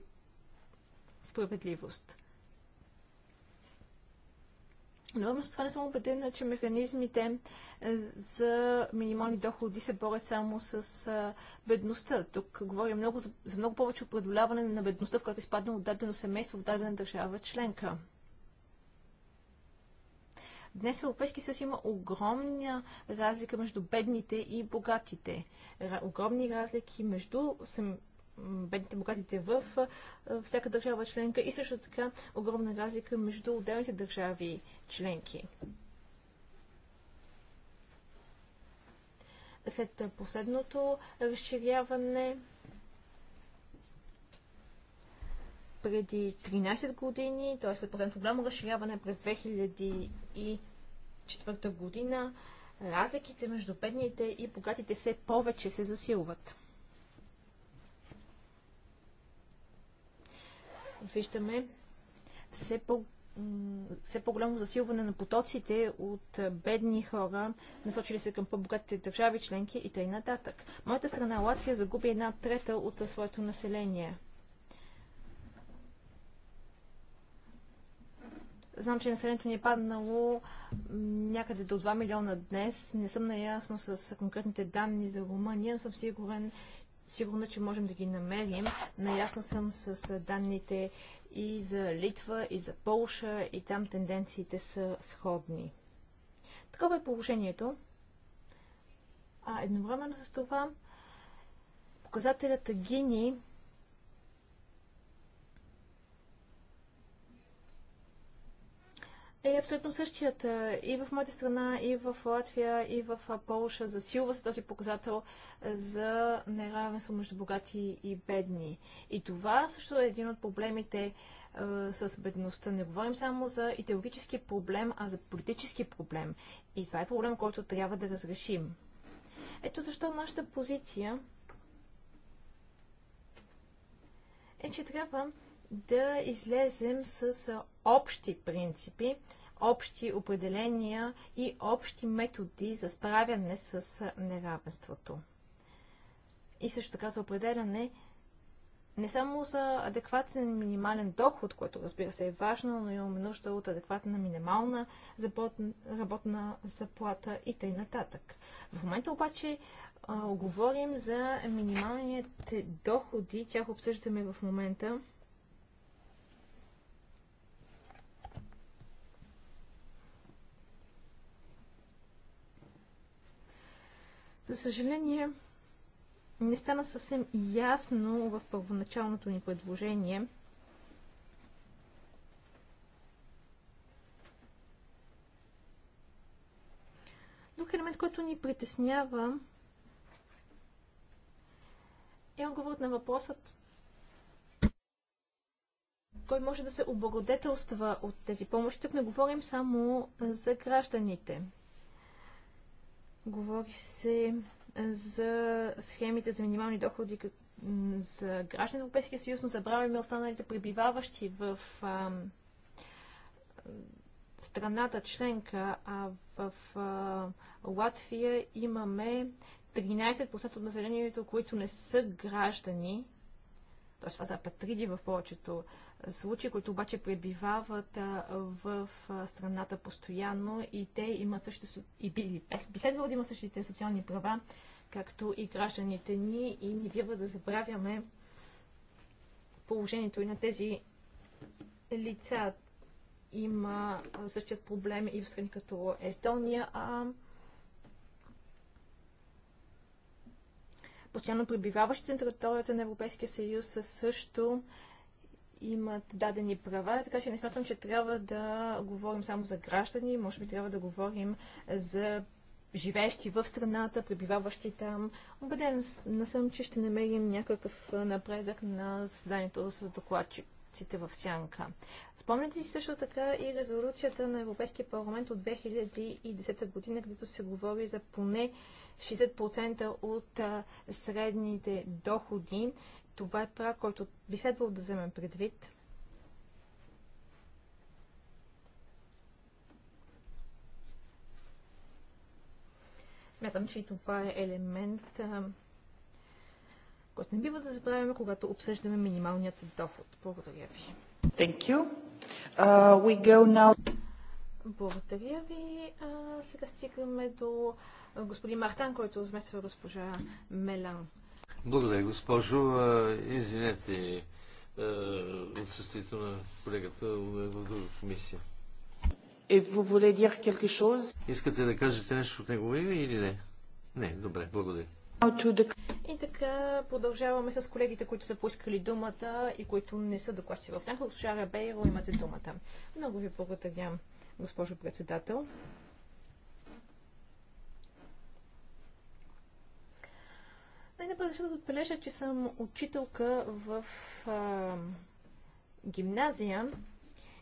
справедливост. Но с това не съм убедена, че механизмите е, за минимални доходи се борят само с е, бедността. Тук говорим много за, за много повече от преодоляване на бедността, в която е изпадна от дадено семейство в дадена държава членка. Днес в Европейски съюз има огромна разлика между бедните и богатите. Огромни разлики между бедните бедните богатите в всяка държава членка и също така огромна разлика между отделните държави членки. След последното разширяване преди 13 години, т.е. след последното голямо разширяване през 2004 година, разликите между бедните и богатите все повече се засилват. Виждаме все по все по-голямо засилване на потоците от бедни хора, насочили се към по-богатите държави, членки и т.н. нататък. Моята страна Латвия загуби една трета от своето население. Знам, че населението ни е паднало някъде до 2 милиона днес. Не съм наясно с конкретните данни за Румъния, но съм сигурен, сигурна, че можем да ги намерим. Наясно съм с данните и за Литва, и за Полша, и там тенденциите са сходни. Такова е положението. А едновременно с това показателят Гини е абсолютно същият и в моята страна, и в Латвия, и в Полша. Засилва се този показател за неравенство между богати и бедни. И това също е един от проблемите е, с бедността. Не говорим само за идеологически проблем, а за политически проблем. И това е проблем, който трябва да разрешим. Ето защо нашата позиция е, че трябва да излезем с общи принципи, общи определения и общи методи за справяне с неравенството. И също така за определяне не само за адекватен минимален доход, който разбира се е важно, но имаме нужда от адекватна минимална работна заплата и т.н. В момента обаче а, говорим за минималните доходи, тях обсъждаме в момента За съжаление, не стана съвсем ясно в първоначалното ни предложение, Друг елемент, който ни притеснява, е отговорът на въпросът кой може да се облагодетелства от тези помощи. Тук не говорим само за гражданите. Говори се за схемите за минимални доходи за граждани на Европейския съюз, но забравяме останалите пребиваващи в а, страната членка, а в а, Латвия имаме 13% от населението, които не са граждани, т.е. това са патриди в повечето случаи, които обаче пребивават в страната постоянно и те имат същите и би, би следвало да имат същите социални права, както и гражданите ни и не бива да забравяме положението и на тези лица. Има същият проблем и в страни като Естония, а постоянно пребиваващите на територията на Европейския съюз са също имат дадени права, така че не смятам, че трябва да говорим само за граждани, може би трябва да говорим за живеещи в страната, пребиваващи там. Обеден. Не съм, че ще намерим някакъв напредък на заседанието с докладчиците в Сянка. Спомняте си също така и резолюцията на Европейския парламент от 2010 година, където се говори за поне 60% от средните доходи това е прак, който би следвало да вземем предвид. Смятам, че и това е елемент, който не бива да забравяме, когато обсъждаме минималният доход. Благодаря ви. Thank you. Uh, we go now... Благодаря ви. А, сега стигаме до господин Мартан, който замества госпожа Мелан. Благодаря, госпожо. Извинете отсъствието на колегата в друга комисия. Искате да кажете нещо от негово име или не? Не, добре, благодаря. И така продължаваме с колегите, които са поискали думата и които не са докладчици в тях. Госпожа Рабейро, имате думата. Много ви благодаря, госпожо председател. Най-напред ще да отбележа, че съм учителка в а, гимназия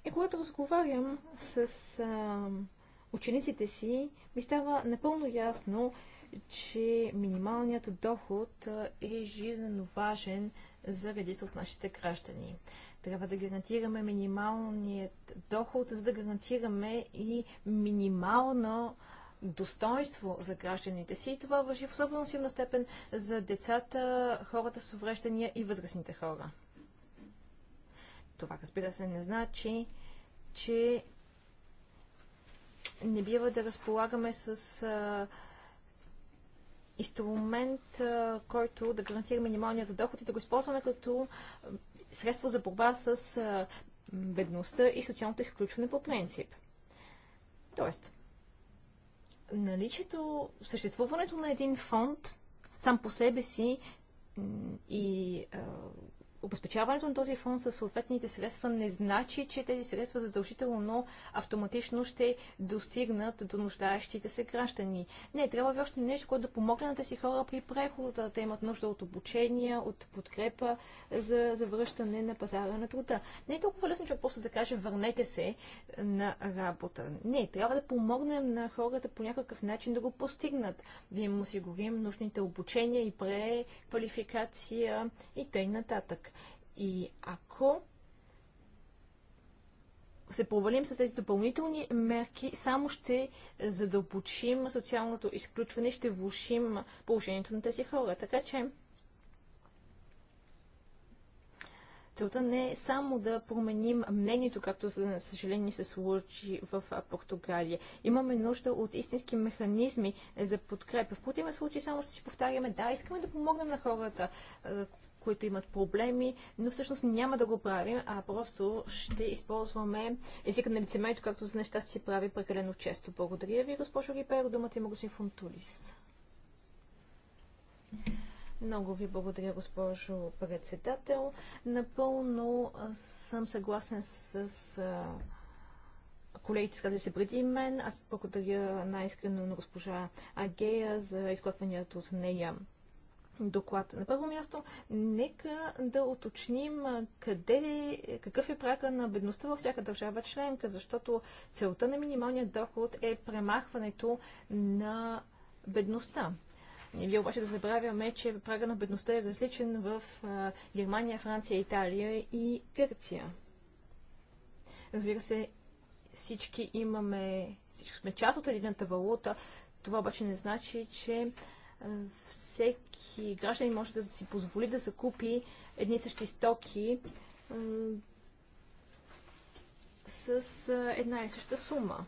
и когато разговарям с а, учениците си, ми става напълно ясно, че минималният доход е жизненно важен за редица от нашите граждани. Трябва да гарантираме минималният доход, за да гарантираме и минимално достоинство за гражданите си. И това въжи в особено силна степен за децата, хората с увреждания и възрастните хора. Това, разбира се, не значи, че не бива да разполагаме с а, инструмент, а, който да гарантира минималният доход и да го използваме като средство за борба с а, бедността и социалното изключване по принцип. Тоест, наличието, съществуването на един фонд сам по себе си и обезпечаването на този фонд със съответните средства не значи, че тези средства задължително автоматично ще достигнат до нуждаещите се граждани. Не, трябва ви още нещо, което да помогне на тези хора при прехода. Те имат нужда от обучение, от подкрепа за завръщане на пазара на труда. Не е толкова лесно, че просто да каже върнете се на работа. Не, трябва да помогнем на хората по някакъв начин да го постигнат. Да им осигурим нужните обучения и преквалификация и тъй нататък. И ако се провалим с тези допълнителни мерки, само ще задълбочим социалното изключване, ще влушим положението на тези хора. Така че целта не е само да променим мнението, както за съжаление се случи в Португалия. Имаме нужда от истински механизми за подкрепа. В противен случай само ще си повтаряме, да, искаме да помогнем на хората, които имат проблеми, но всъщност няма да го правим, а просто ще използваме езика на лицемерието, както за неща си прави прекалено често. Благодаря ви, госпожо Риберо. Думата има господин Фунтулис. Много ви благодаря, госпожо председател. Напълно съм съгласен с, колегите с се преди мен. Аз благодаря най-искрено на госпожа Агея за изготвеният от нея доклад. На първо място, нека да уточним къде, какъв е прага на бедността във всяка държава членка, защото целта на минималния доход е премахването на бедността. Не ви обаче да забравяме, че прага на бедността е различен в Германия, Франция, Италия и Гърция. Разбира се, всички имаме, всички сме част от едината валута. Това обаче не значи, че всеки гражданин може да си позволи да закупи едни същи стоки с една и съща сума.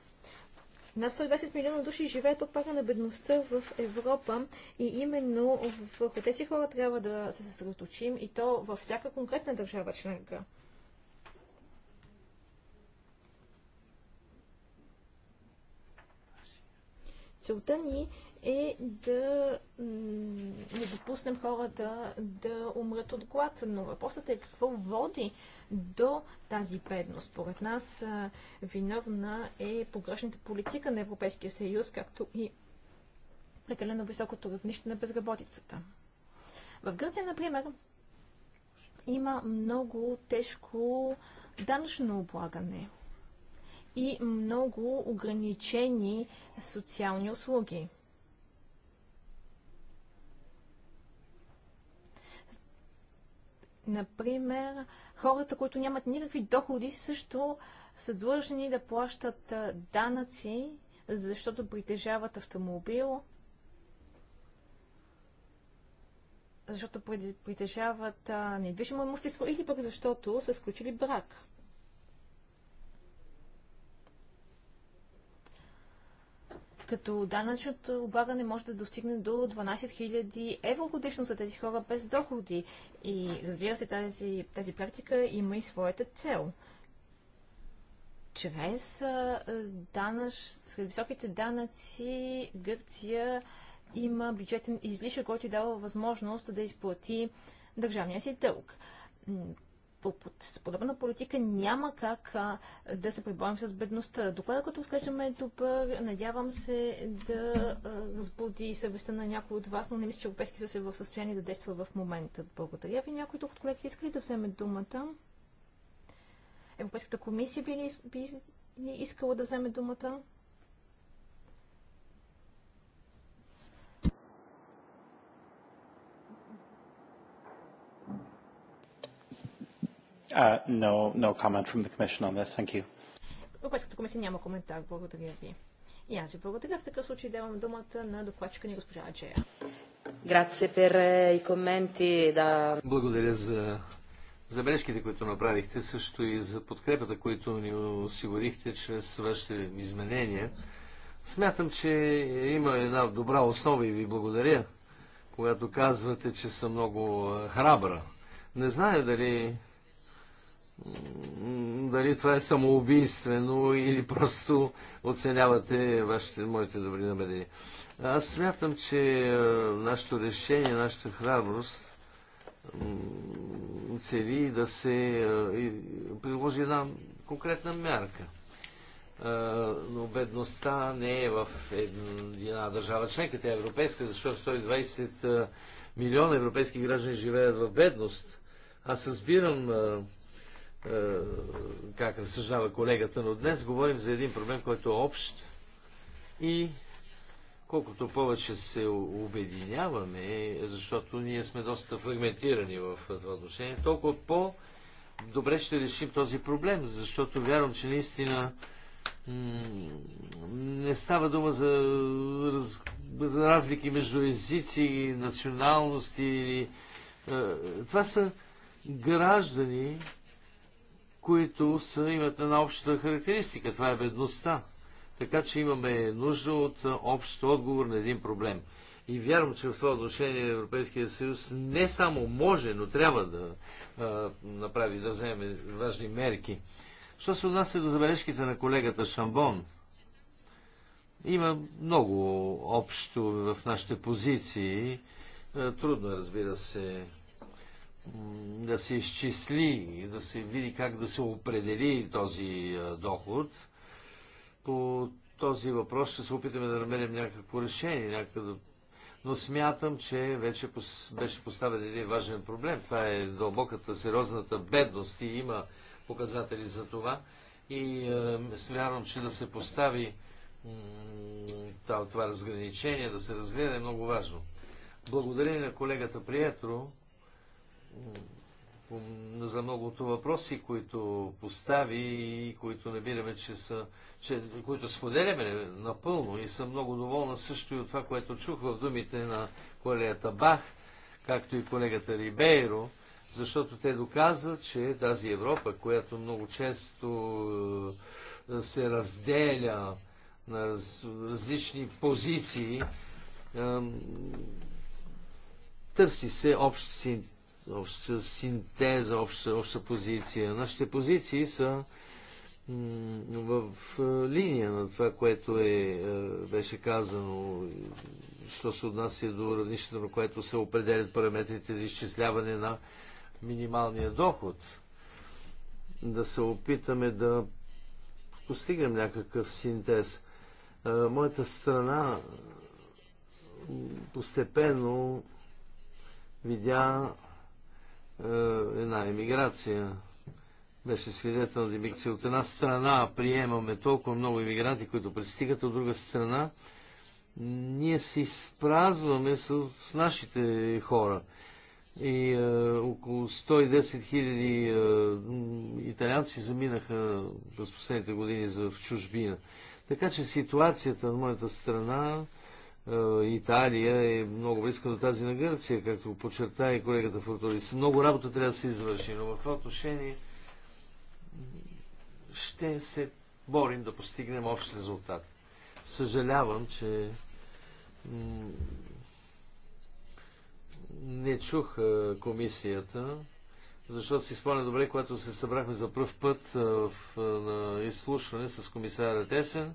На 120 милиона души живеят под пага на бедността в Европа и именно върху тези хора трябва да се съсредоточим и то във всяка конкретна държава членка. Целта ни е да не допуснем хората да умрат от глад. Но въпросът е какво води до тази бедност. Според нас виновна е погрешната политика на Европейския съюз, както и прекалено високото равнище на безработицата. В Гърция, например, има много тежко данъчно облагане и много ограничени социални услуги. Например, хората, които нямат никакви доходи, също са длъжни да плащат данъци, защото притежават автомобил, защото притежават недвижимо имущество или пък защото са сключили брак. като данъчното облагане може да достигне до 12 000 евро годишно за тези хора без доходи. И разбира се, тази, тази практика има и своята цел. Чрез данъч, с високите данъци Гърция има бюджетен излишък, който е дава възможност да изплати държавния си дълг с подобна политика няма как а, да се преборим с бедността. Докладът, който разглеждаме е добър. Надявам се да разбуди съвестта на някой от вас, но не мисля, че Европейски съюз е в състояние да действа в момента. Благодаря ви. Някой друг от колегите иска ли да вземе думата? Европейската комисия би ли, би ли искала да вземе думата? Uh, no, no comment from the Commission on this. Thank you. Европейската комисия няма коментар. Благодаря ви. И аз ви благодаря. В такъв случай давам думата на докладчика ни госпожа Аджея. Грация пер е, и коменти. Да. Благодаря за забележките, които направихте, също и за подкрепата, които ни осигурихте чрез вашите изменения. Смятам, че има една добра основа и ви благодаря, когато казвате, че съм много е, храбра. Не знае дали дали това е самоубийствено или просто оценявате вашите, моите добри намерения. Аз смятам, че е, нашето решение, нашата храброст цели да се е, приложи една конкретна мярка. Е, но бедността не е в една държава членка, тя е европейска, защото 120 милиона европейски граждани живеят в бедност. Аз разбирам е, как разсъждава колегата, но днес говорим за един проблем, който е общ и колкото повече се обединяваме, защото ние сме доста фрагментирани в това отношение, толкова по-добре ще решим този проблем, защото вярвам, че наистина не става дума за раз... разлики между езици, националности. Е, това са граждани, които са, имат една обща характеристика. Това е бедността. Така че имаме нужда от общ отговор на един проблем. И вярвам, че в това отношение Европейския съюз не само може, но трябва да а, направи, да вземе важни мерки. Що се отнася до забележките на колегата Шамбон, има много общо в нашите позиции. Е, трудно, е, разбира се, да се изчисли, и да се види как да се определи този доход. По този въпрос ще се опитаме да намерим някакво решение, някакъв... но смятам, че вече беше поставен един важен проблем. Това е дълбоката, сериозната бедност и има показатели за това. И смятам, вярвам, че да се постави това разграничение, да се разгледа е много важно. Благодаря на колегата Приетро за многото въпроси, които постави и които набираме, че са, че, които споделяме напълно и съм много доволна също и от това, което чух в думите на колегата Бах, както и колегата Рибейро, защото те доказват, че тази Европа, която много често е, се разделя на различни позиции, е, търси се общ обща синтеза, обща, обща позиция. Нашите позиции са в линия на това, което е, е, беше казано, що се отнася до равнището, на което се определят параметрите за изчисляване на минималния доход. Да се опитаме да постигнем някакъв синтез. Моята страна постепенно видя е, една емиграция. Беше свидетел на емиграция. От една страна приемаме толкова много иммигранти, които пристигат, от друга страна ние се изпразваме с нашите хора. И е, около 110 хиляди е, италианци заминаха през последните години за, в чужбина. Така че ситуацията на моята страна е, Италия е много близка до тази на Гърция, както подчерта и колегата Фортурис. Много работа трябва да се извърши, но в това отношение ще се борим да постигнем общ резултат. Съжалявам, че не чух е, комисията, защото си спомня добре, когато се събрахме за първ път е, в, на изслушване с комисаря Тесен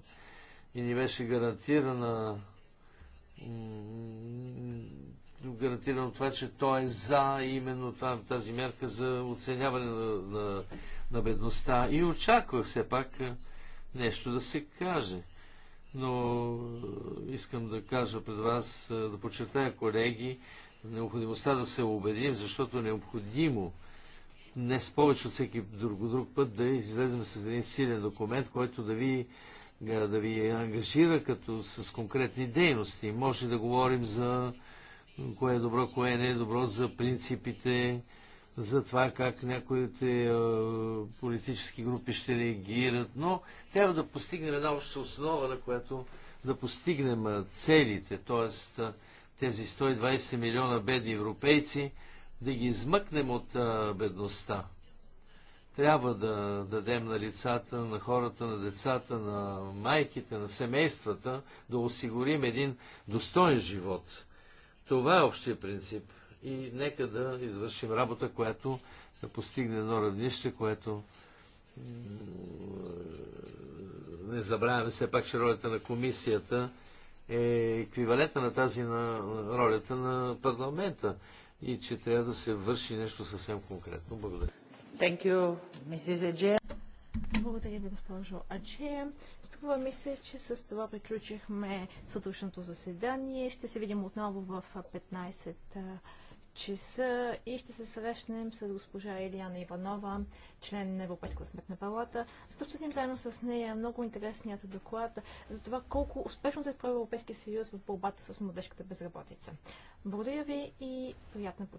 и ни беше гарантирана Гарантирам това, че той е за именно това, тази мерка за оценяване на, на, на бедността и очаква все пак нещо да се каже. Но искам да кажа пред вас, да подчертая колеги, необходимостта да се убедим, защото е необходимо днес повече от всеки друг, друг път да излезем с един силен документ, който да ви да ви ангажира като с конкретни дейности. Може да говорим за кое е добро, кое не е добро, за принципите, за това как някоите политически групи ще реагират, но трябва да постигнем една обща основа, на която да постигнем е, целите, т.е. тези 120 милиона бедни европейци, да ги измъкнем от е, бедността. Трябва да дадем на лицата, на хората, на децата, на майките, на семействата, да осигурим един достоен живот. Това е общия принцип. И нека да извършим работа, която да постигне едно равнище, което не забравяме все пак, че ролята на комисията е еквивалента на тази на ролята на парламента и че трябва да се върши нещо съвсем конкретно. Благодаря. Thank you, Mrs. Ajay. Благодаря ви, госпожо Аджея. Струва ми се, че с това приключихме сутрешното заседание. Ще се видим отново в 15 часа и ще се срещнем с госпожа Илияна Иванова, член на Европейска сметна палата, за да обсъдим заедно с нея много интересният доклад за това колко успешно се прави Европейския съюз в борбата с младежката безработица. Благодаря ви и приятна почивка.